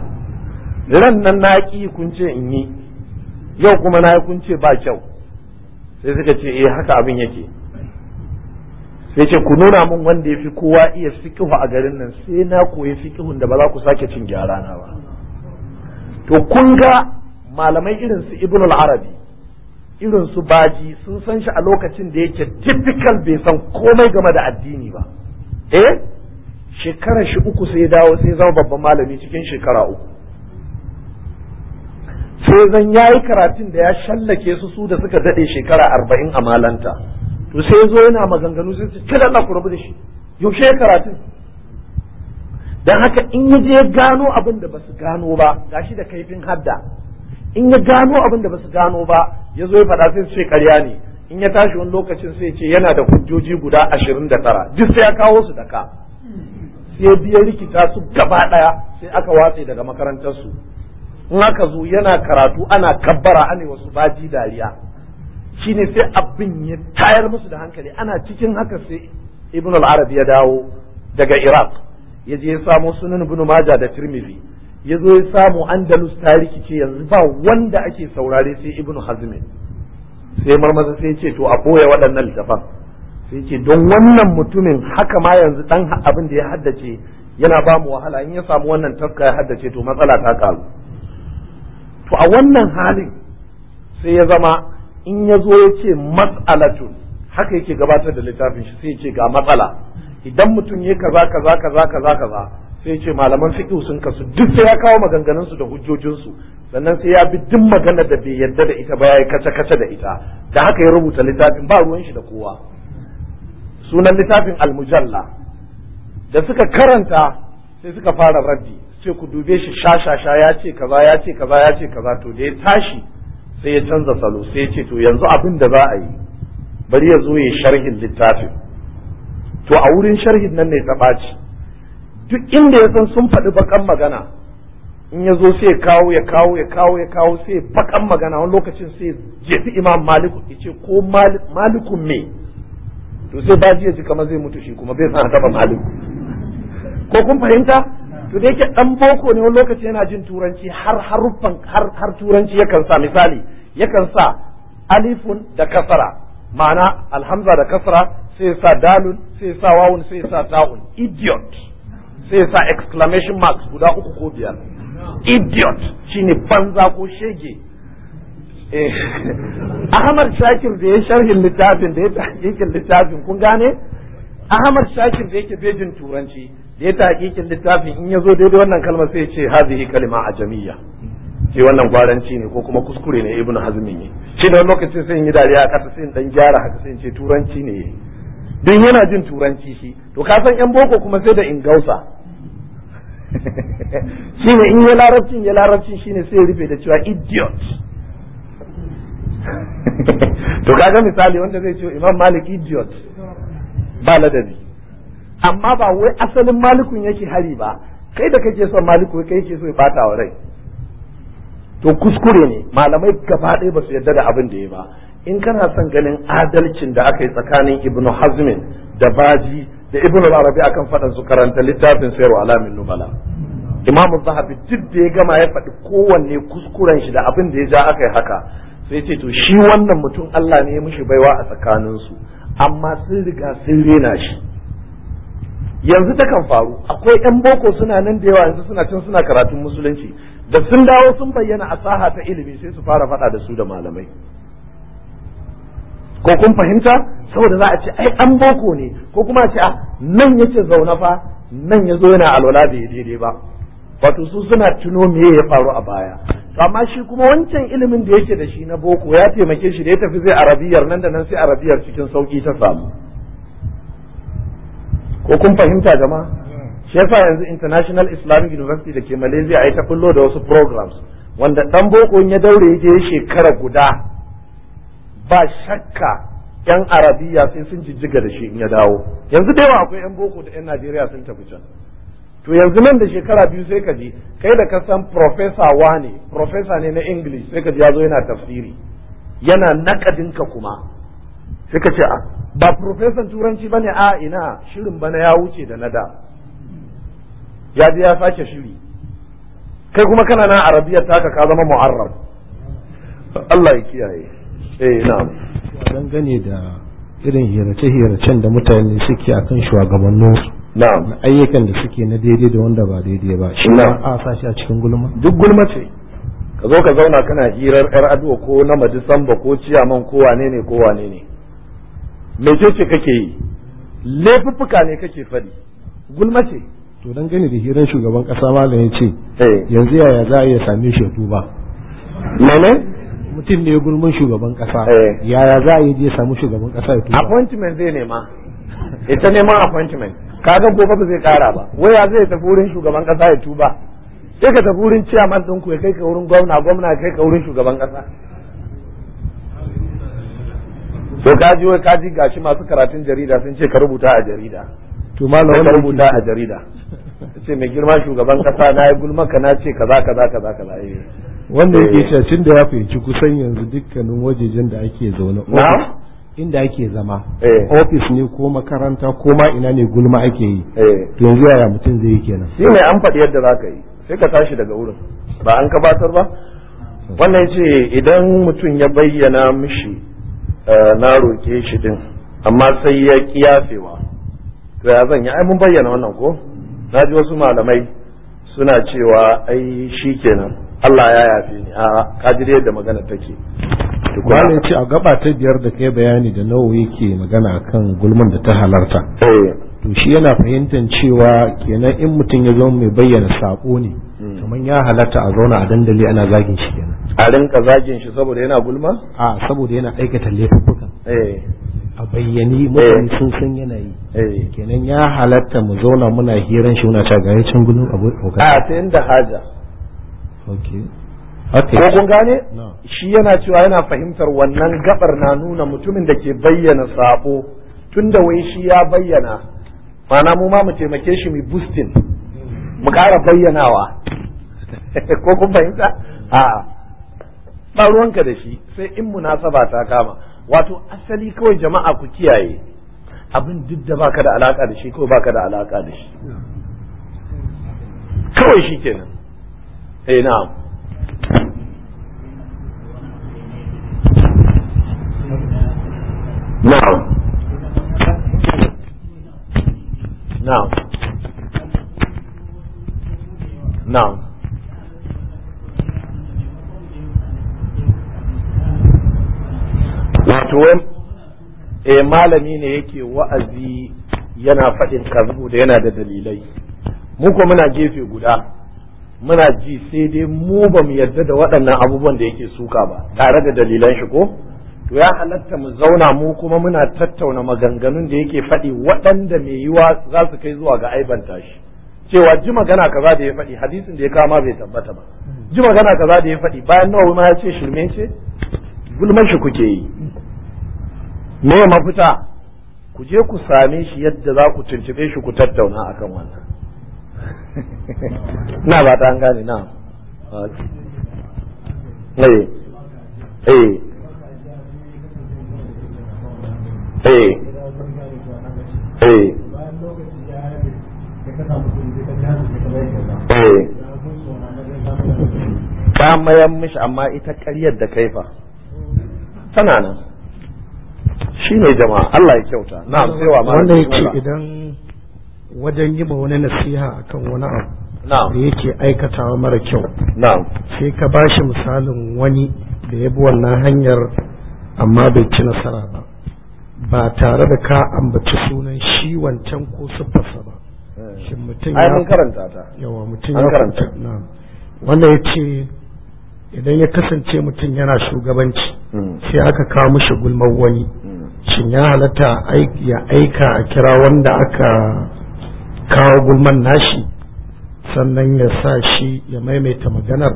ran nan na ki kun ce in yi yau kuma na yi kun ce ba kyau sai suka ce eh haka abin yake sai ce ku nuna min wanda ya fi kowa iya fikihu a garin nan sai na koyi fikihun da ba za ku sake cin gyara na ba to kun ga malamai irin su ibn al-arabi irin su baji sun san shi a lokacin da yake typical bai san komai game da addini ba eh shekara shi uku sai dawo sai zama babban malami cikin shekara uku sai zan yayi karatun da ya shallake su su da suka dade shekara arba'in a malanta to sai ya zo yana maganganu sai su Allah ku rabu da shi yaushe ya karatu dan haka in ya je gano abin da basu gano ba gashi da kaifin hadda in ya gano abin da basu gano ba ya zo ya faɗa sai su ce ƙarya ne in ya tashi wani lokacin sai ce yana da hujjoji guda ashirin da tara duk sai ya kawo su da ka sai biya rikita su gaba ɗaya sai aka watse daga makarantarsu in aka zo yana karatu ana kabbara ane wasu baji dariya shine sai abin ya tayar musu da hankali ana cikin haka sai ibn al arab ya dawo daga iraq ya je ya samo sunan ibn majah da tirmidhi ya zo ya samu andalus ta rikice yanzu ba wanda ake saurare sai ibn hazm sai marmaza sai ce to a ɓoye waɗannan littafan sai ce don wannan mutumin haka ma yanzu ɗan abin da ya haddace yana ba mu wahala in ya samu wannan tafka ya haddace to matsala ta karu to a wannan halin sai ya zama in ya zo ya ce mas'alatun haka yake gabatar da littafin shi sai ya ce ga matsala idan mutum ya kaza kaza kaza kaza kaza sai ce malaman fiqh sun kasu duk sai ya kawo maganganun su da hujjojinsu sannan sai ya bi duk maganar da bai yarda da ita ba ya yi kaca kaca da ita da haka ya rubuta littafin ba ruwan shi da kowa sunan littafin al-mujalla da suka karanta sai suka fara raddi sai ku dube shi shashasha ya ce kaza ya ce kaza ya ce kaza to da ya tashi sai ya canza salo sai ya ce to yanzu abin da za a yi bari ya zo ya sharhin littafin to a wurin sharhin nan ne ta ɓaci duk inda ya san sun faɗi bakan magana in ya zo sai ya kawo ya kawo ya kawo ya kawo sai bakan magana wani lokacin sai ya jefi imam maliku ya ce ko malikun me to sai baji ya ji kamar zai mutu shi kuma bai san taba maliku ko kun fahimta to da yake dan boko ne wani lokaci yana jin turanci har haruffan har har turanci yakan sa misali yakan sa alifun da kasara ma'ana alhamza da kasara sai sa dalun sai sa wawun sai sa ta'un idiot sai sa exclamation mark guda uku ko biyar idiot shine banza ko shege eh. Ahmad Shakir da ya sharhin littafin da ya tahqiqin littafin kun gane Ahmad Shakir da yake bejin turanci da ya hakikin littafin in ya zo daidai wannan kalmar sai ce hazihi kalima a jami'a ce wannan gwaranci ne ko kuma kuskure ne ibnu hazmin ne shi da lokacin sai in yi dariya a ƙasa sai in dan gyara haka sai in ce turanci ne don yana jin turanci shi to ka san yan boko kuma sai da in gausa ne in ya larabcin ya larabcin shine sai ya rufe da cewa idiot to kaga misali wanda zai ce imam malik idiot ba ladabi amma ba wai asalin malikun yake hari ba kai da kake son maliku kai yake so ya bata wa rai to kuskure ne malamai gaba ɗaya ba su yarda da abin da ya ba in kana son ganin adalcin da aka yi tsakanin ibnu hazmin da baji da ibnu arabi akan faɗan su karanta littafin sayarwa alamin numala imamu zahabi duk da ya gama ya faɗi kowanne kuskuren shi da abin da ya ja aka yi haka sai ce to shi wannan mutum Allah ne ya mishi baiwa a tsakaninsu amma sun riga sun rena shi yanzu takan faru akwai yan boko suna nan da yawa yanzu suna can suna karatun musulunci da sun dawo sun bayyana asaha ta ilimi sai su fara faɗa da su da malamai ko kun fahimta saboda za a ce ai an boko ne ko kuma a ce a ah, nan yace zauna fa nan yazo yana alwala bai daidai ba wato su suna tuno me ya faru a baya to amma shi kuma wancan ilimin da yake da shi na boko ya taimake shi da ya tafi zai arabiyar nan da nan sai arabiyar cikin sauki ta samu ko kun fahimta gama shi yasa yanzu international islamic university da ke malaysia ai ta kullo da wasu programs wanda dan boko ya daure yake shekara guda ba shakka yan arabiya sai sun jijjiga da shi in ya dawo yanzu da akwai yan boko da yan najeriya sun tafi can to yanzu nan da shekara biyu sai ka kai da ka san professor wane professor ne na english sai ka ji ya zo yana tafsiri yana nakadinka kuma sai ka ce a ah, ba profesan turanci bane a ina shirin bana ya wuce da na da ya ji ya sake shiri kai kuma kana na arabiyar taka ka zama mu'arrab Allah ya kiyaye eh na'am gane da irin hirace-hiracen da mutane suke akan shugabannin su na'am ayyukan da suke na daidai da wanda ba daidai ba shi na a sashi a cikin gulma duk gulma ce ka zo ka zauna kana hirar yar aduwa ko na ba ko ciyaman ko wane ne ko wane ne mecece kake yi laifuffuka ne kake fadi gulma ce to dan gani da hirar shugaban kasa malam ya ce eh. yanzu yaya za a iya same shi tuba mene mutum ne gulmin shugaban kasa eh. yaya za a yi je samu shugaban kasa ya tuba appointment zai nema ita neman appointment kaga gobe ba zai kara ba waya zai tafi wurin shugaban kasa ya tuba sai ka tafi wurin chairman ɗinku ya kai ka wurin gwamna gwamna ya kai ka wurin shugaban kasa to kaji wai kaji gashi masu karatun jarida sun ce ka rubuta a jarida to malam wannan rubuta a jarida ce mai girma shugaban kasa na yi gulma na ce kaza kaza kaza kaza eh wanda yake shacin eh. da ya fahimci kusan yanzu dukkanin wajejen da ake zaune inda ake zama eh. ofis ne ko makaranta ko ma ina ne gulma ake yi eh. to yanzu yaya mutum zai yi kenan shi ne an faɗi yadda za ka yi sai ka tashi daga wurin ba an batar ba wannan ce idan mutum ya bayyana mishi Eh, na roke shi din amma sai ya kiyafewa to ya zan yi ai mun bayyana wannan ko na ji wasu malamai suna cewa ai kenan Allah ya yafe ni a kadiriyar da magana take malam ce a gaba ta biyar da kai bayani da nawa yake magana kan gulman da ta halarta eh. to shi yana fahimtar cewa kenan in mutum ya zama mai bayyana sako ne hmm. kamar ya halarta a zauna a dandali ana zagin shi kenan a rinka zagin shi saboda yana gulma a saboda yana aikata Eh. a bayyane mutane eh. sun san yana yi eh. kenan ya halatta mu zauna muna hiran shi muna ta ga yancin gulun abu a ta inda haja ko kun gane shi yana cewa yana fahimtar wannan gabar na nuna mutumin da ke bayyana sabo tunda wai shi ya bayyana mana mu ma mu taimake shi mu boosting mu ƙara bayyanawa ko kun fahimta mm. a ba ruwanka da shi sai in munasaba ta kama wato asali kawai jama'a ku kiyaye abin duk da baka da alaka da shi ko baka da alaka da shi kawai shi kenan eh na'am eh malami ne yake wa'azi yana faɗin karbu da yana da dalilai mu ko muna gefe guda muna ji sai dai mu ba mu yarda da waɗannan abubuwan da yake suka ba tare da dalilan shi ko to ya halatta mu zauna mu kuma muna tattauna maganganun da yake faɗi waɗanda mai yiwa za su kai zuwa ga aibanta shi cewa ji magana kaza da ya faɗi hadisin da ya kama bai tabbata ba ji magana kaza da ya faɗi bayan nawa ma ya ce shirme ce gulman shi kuke yi me mafita ku je ku same shi yadda za ku tuntube shi ku tattauna akan wannan na ba ta an gane na eh eh eh eh ka eh. mayan mishi amma ita ƙaryar da kaifa tana nan shi ne jama'a Allah ya kyauta na cewa ma wanda yake idan wajen yi ma wani nasiha akan wani abu da yake aikatawa mara kyau sai ka ba shi misalin wani da ya bi wannan hanyar amma bai ci nasara ba ba tare da ka ambaci sunan shi wancan ko siffarsa ba eh. shi mutum ya karanta ta yawa mutum ya karanta wanda ya ce idan ya kasance mutum yana shugabanci hmm. sai aka kawo mishi gulmar wani hmm. shin ya halatta ya aika a kira wanda aka kawo gulman nashi sannan ya sa shi ya maimaita maganar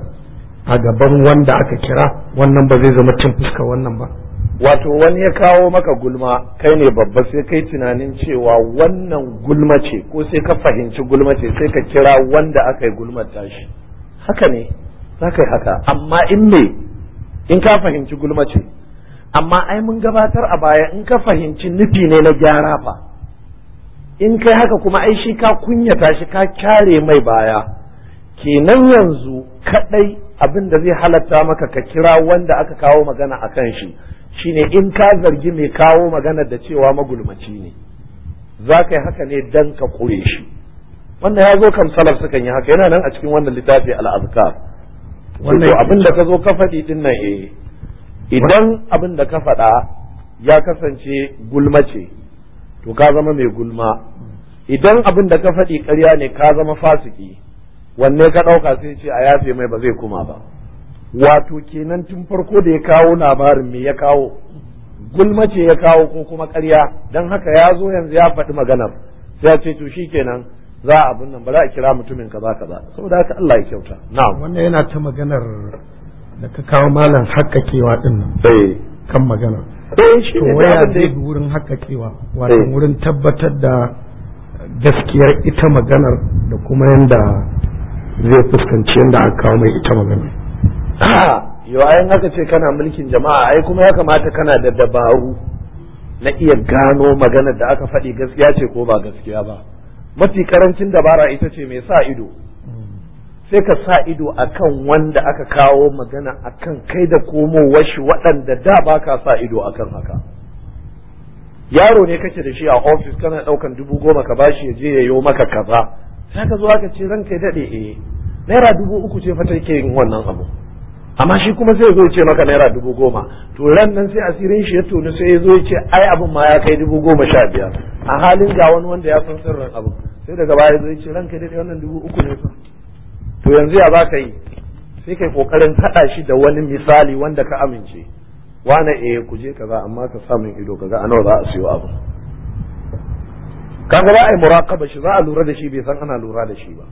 a gaban wanda aka kira wannan ba zai zama cin fuska wannan ba wato wani ya kawo maka gulma kai ne babba sai kai tunanin cewa wannan gulma ce ko sai ka fahimci gulma ce sai ka kira wanda aka yi gulmar tashi haka ne za ka yi haka amma in me in ka fahimci gulma ce amma ai mun gabatar a baya in ka fahimci nufi ne na gyara fa in kai haka kuma ai shi ka kunyata shi ka kyare mai baya kenan yanzu kadai abin da zai halatta maka ka kira wanda aka kawo magana a kan shi shine in ka zargi mai kawo magana da cewa magulmaci ne za ka yi haka ne dan ka kure shi wannan ya zo kan salaf sukan yi haka yana nan a cikin wannan littafi al'azkar wannan abin da ka zo ka faɗi din nan eh idan abin da ka faɗa ya kasance gulma ce to ka zama mai gulma idan abin da ka faɗi ƙarya ne ka zama fasiki wanne ka ɗauka sai ce a yafe mai ba zai kuma ba wato kenan tun farko da ya kawo labarin me ya kawo gulma ce ya kawo ko kuma ƙarya don haka ya zo yanzu ya faɗi maganar sai ya ce to shi kenan za a abin nan ba za a kira mutumin ka ba saboda haka Allah ya kyauta na'am wannan yana ta maganar da ka kawo malam haƙaƙewa ɗin nan eh. kan magana to waya zai bi wurin haƙaƙewa wato eh. wurin tabbatar da gaskiyar ita maganar da kuma yanda zai fuskanci yanda aka kawo mai ita maganar yau yin haka ce kana mulkin jama'a ai kuma ya kamata kana da dabaru na iya gano maganar da aka faɗi gaskiya ce ko ba gaskiya ba mafi karancin dabara ita ce mai sa ido sai ka sa ido a kan wanda aka kawo magana a kan kai da komowar shi waɗanda da ba ka sa ido a kan haka yaro ne kake da shi a ofis kana ɗaukan dubu goma ka bashi ya je ya yi maka kaza sai ka zo aka ce zan kai daɗe e naira dubu uku ce fata ke yin wannan abu amma shi kuma sai zo ce maka naira dubu goma to ran nan sai asirin shi ya tonu sai ya zo ya ce ai abin ma ya kai dubu goma sha biyar a halin ga wani wanda ya san sirrin abu sai daga baya zai ce kai daɗe wannan dubu uku ne fa to yanzu ya za yi sai kai kokarin haɗa shi da wani misali wanda ka amince wane eh ku je kaza amma ka samu ido kaza a nawa za a siyo abu kaga ba a yi muraqaba shi za a lura da shi bai san ana lura da shi ba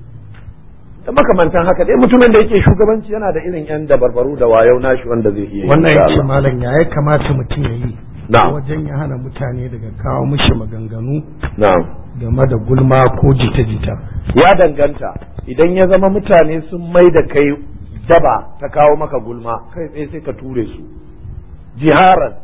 da makamantan haka dai mutumin da yake shugabanci yana da irin yan dabarbaru da wayau nashi wanda zai iya wannan yake malam ya kamata mutum ya yi wajen ya hana mutane daga kawo mishi maganganu game da gulma ko jita-jita ya danganta idan ya zama mutane sun mai da kai daba ta kawo maka gulma kai tsaye sai ka ture su jiharan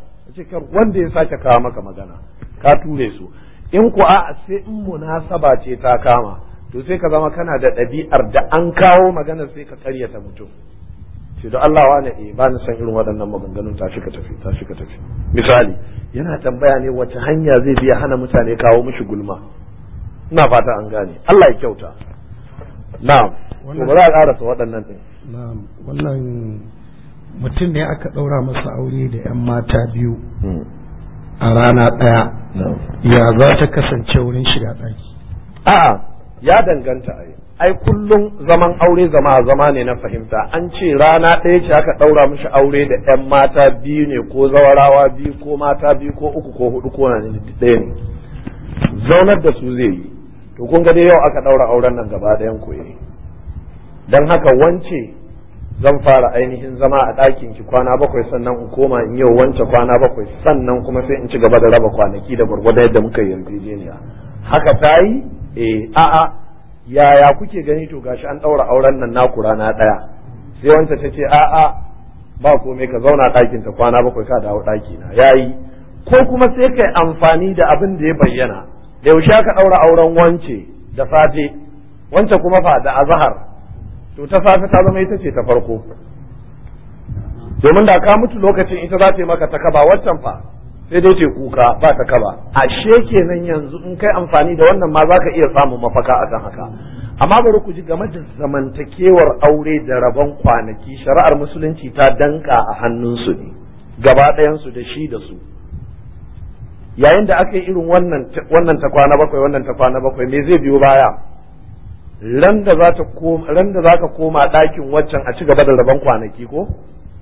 wanda ya sake kawo maka magana ka ture su in ku a sai in munasaba ce ta kama to sai ka zama kana da ɗabi'ar da an kawo magana sai ka karyata mutum ce da Allah wa ne eh, ba ni san irin waɗannan maganganun tashi ka tafi tashi ka tafi misali yana tambaya ne wace hanya zai biya hana mutane kawo mishi gulma ina fata an gane Allah ya kyauta na'am to ba za a karasa waɗannan din na'am wannan mutum ne aka ɗaura masa aure da ƴan mata biyu hmm. a rana ɗaya ya za ta kasance wurin shiga ɗaki a'a ya danganta a ai kullum zaman aure zama zama ne na fahimta an ce rana ɗaya ce aka ɗaura mishi aure da ƴan mata biyu ne ko zawarawa biyu ko mata biyu ko uku ko hudu ko ɗaya ne zaunar da su zai yi to kun ga dai yau aka ɗaura auren nan gaba ɗayan ku don haka wance zan fara ainihin zama a ɗakin ki kwana bakwai sannan in koma in yau wance kwana bakwai sannan kuma sai in ci gaba da raba kwanaki da gwargwadon yadda muka yi yarjejeniya haka ta yi eh, a'a yaya kuke gani to gashi an ɗaura auren nan naku rana ɗaya sai wanta ta ce a'a ba komai ka zauna ɗakin ta kwana bakwai ka dawo ɗaki na yayi ko kuma sai kai amfani da abin da ya bayyana da yaushe aka ɗaura auren wance da safe wance kuma fa da azahar to ta safe ta zama ita ce ta farko domin da ka mutu lokacin ita za ta yi maka ta kaba waccan fa sai dai ce kuka ba ta kaba ashe kenan yanzu in kai amfani da wannan ma zaka iya samun mafaka akan haka amma bari ku ji game da zamantakewar aure da rabon kwanaki shari'ar musulunci ta danka a hannunsu ne gaba ɗayansu da shi da su yayin da aka yi irin wannan wannan ta kwana bakwai wannan ta kwana bakwai me zai biyo baya ran za koma ran da za ka koma ɗakin waccan a ci gaba da rabon kwanaki ko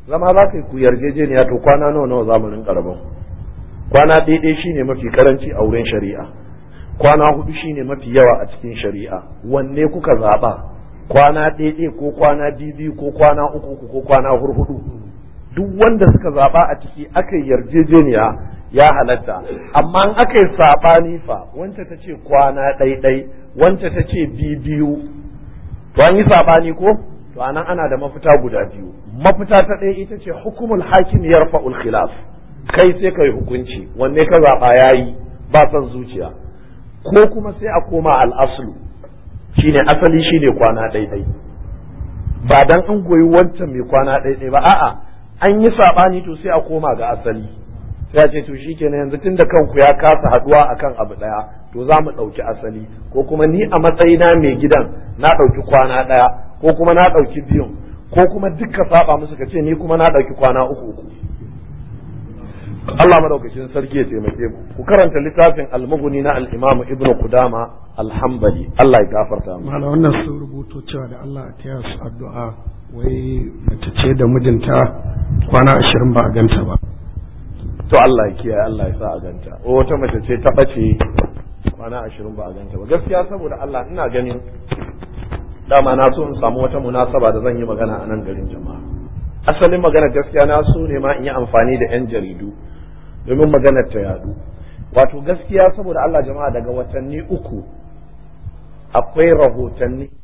zama za ka yi ku yarjejeniya to kwana nawa nawa za mu rinka rabon kwana daidai shine mafi karanci a wurin shari'a kwana hudu shine mafi yawa a cikin shari'a wanne kuka zaba kwana daidai ko kwana bibi ko kwana uku ko kwana hurhudu duk wanda suka zaɓa a ciki aka yarjejeniya ya halatta amma in aka yi saɓani fa wanda ta ce kwana ɗaiɗai wanda ta ce bibiyu to an yi saɓani ko to anan ana da mafita guda biyu mafita ta ɗaya ita ce hukumul hakim yarfa'ul khilaf kai sai ka yi hukunci wanne ka zaɓa ya yi ba san zuciya ko kuma sai a koma al'aslu shine asali shine kwana ɗaiɗai ba dan an goyi wancan mai kwana ɗaiɗai ba a'a an yi saɓani to sai a koma ga asali sai a ce to shikenan yanzu tunda kanku ya kasa haɗuwa akan abu ɗaya to za mu ɗauki asali ko kuma ni a matsayina mai gidan na ɗauki kwana ɗaya ko kuma na ɗauki biyun ko kuma duka saɓa musu ka ce ni kuma na ɗauki kwana uku uku Allah madaukakin sarki ya taimake mu ku karanta littafin al na al-Imam Ibn Qudama al-Hanbali Allah ya gafarta mu mallan wannan sun rubuto cewa da Allah ya taya su addu'a wai mace ce da mijinta kwana 20 ba a ganta ba to Allah ya kiyaye Allah ya sa a ganta wata mace ce ta bace kwana 20 ba a ganta ba gaskiya saboda Allah ina ganin dama na so in samu wata munasaba da zan yi magana a nan garin jama'a asalin magana gaskiya na so ne ma in yi amfani da yan jaridu domin maganar ta yadu wato gaskiya saboda Allah jama'a daga watanni uku akwai rahotanni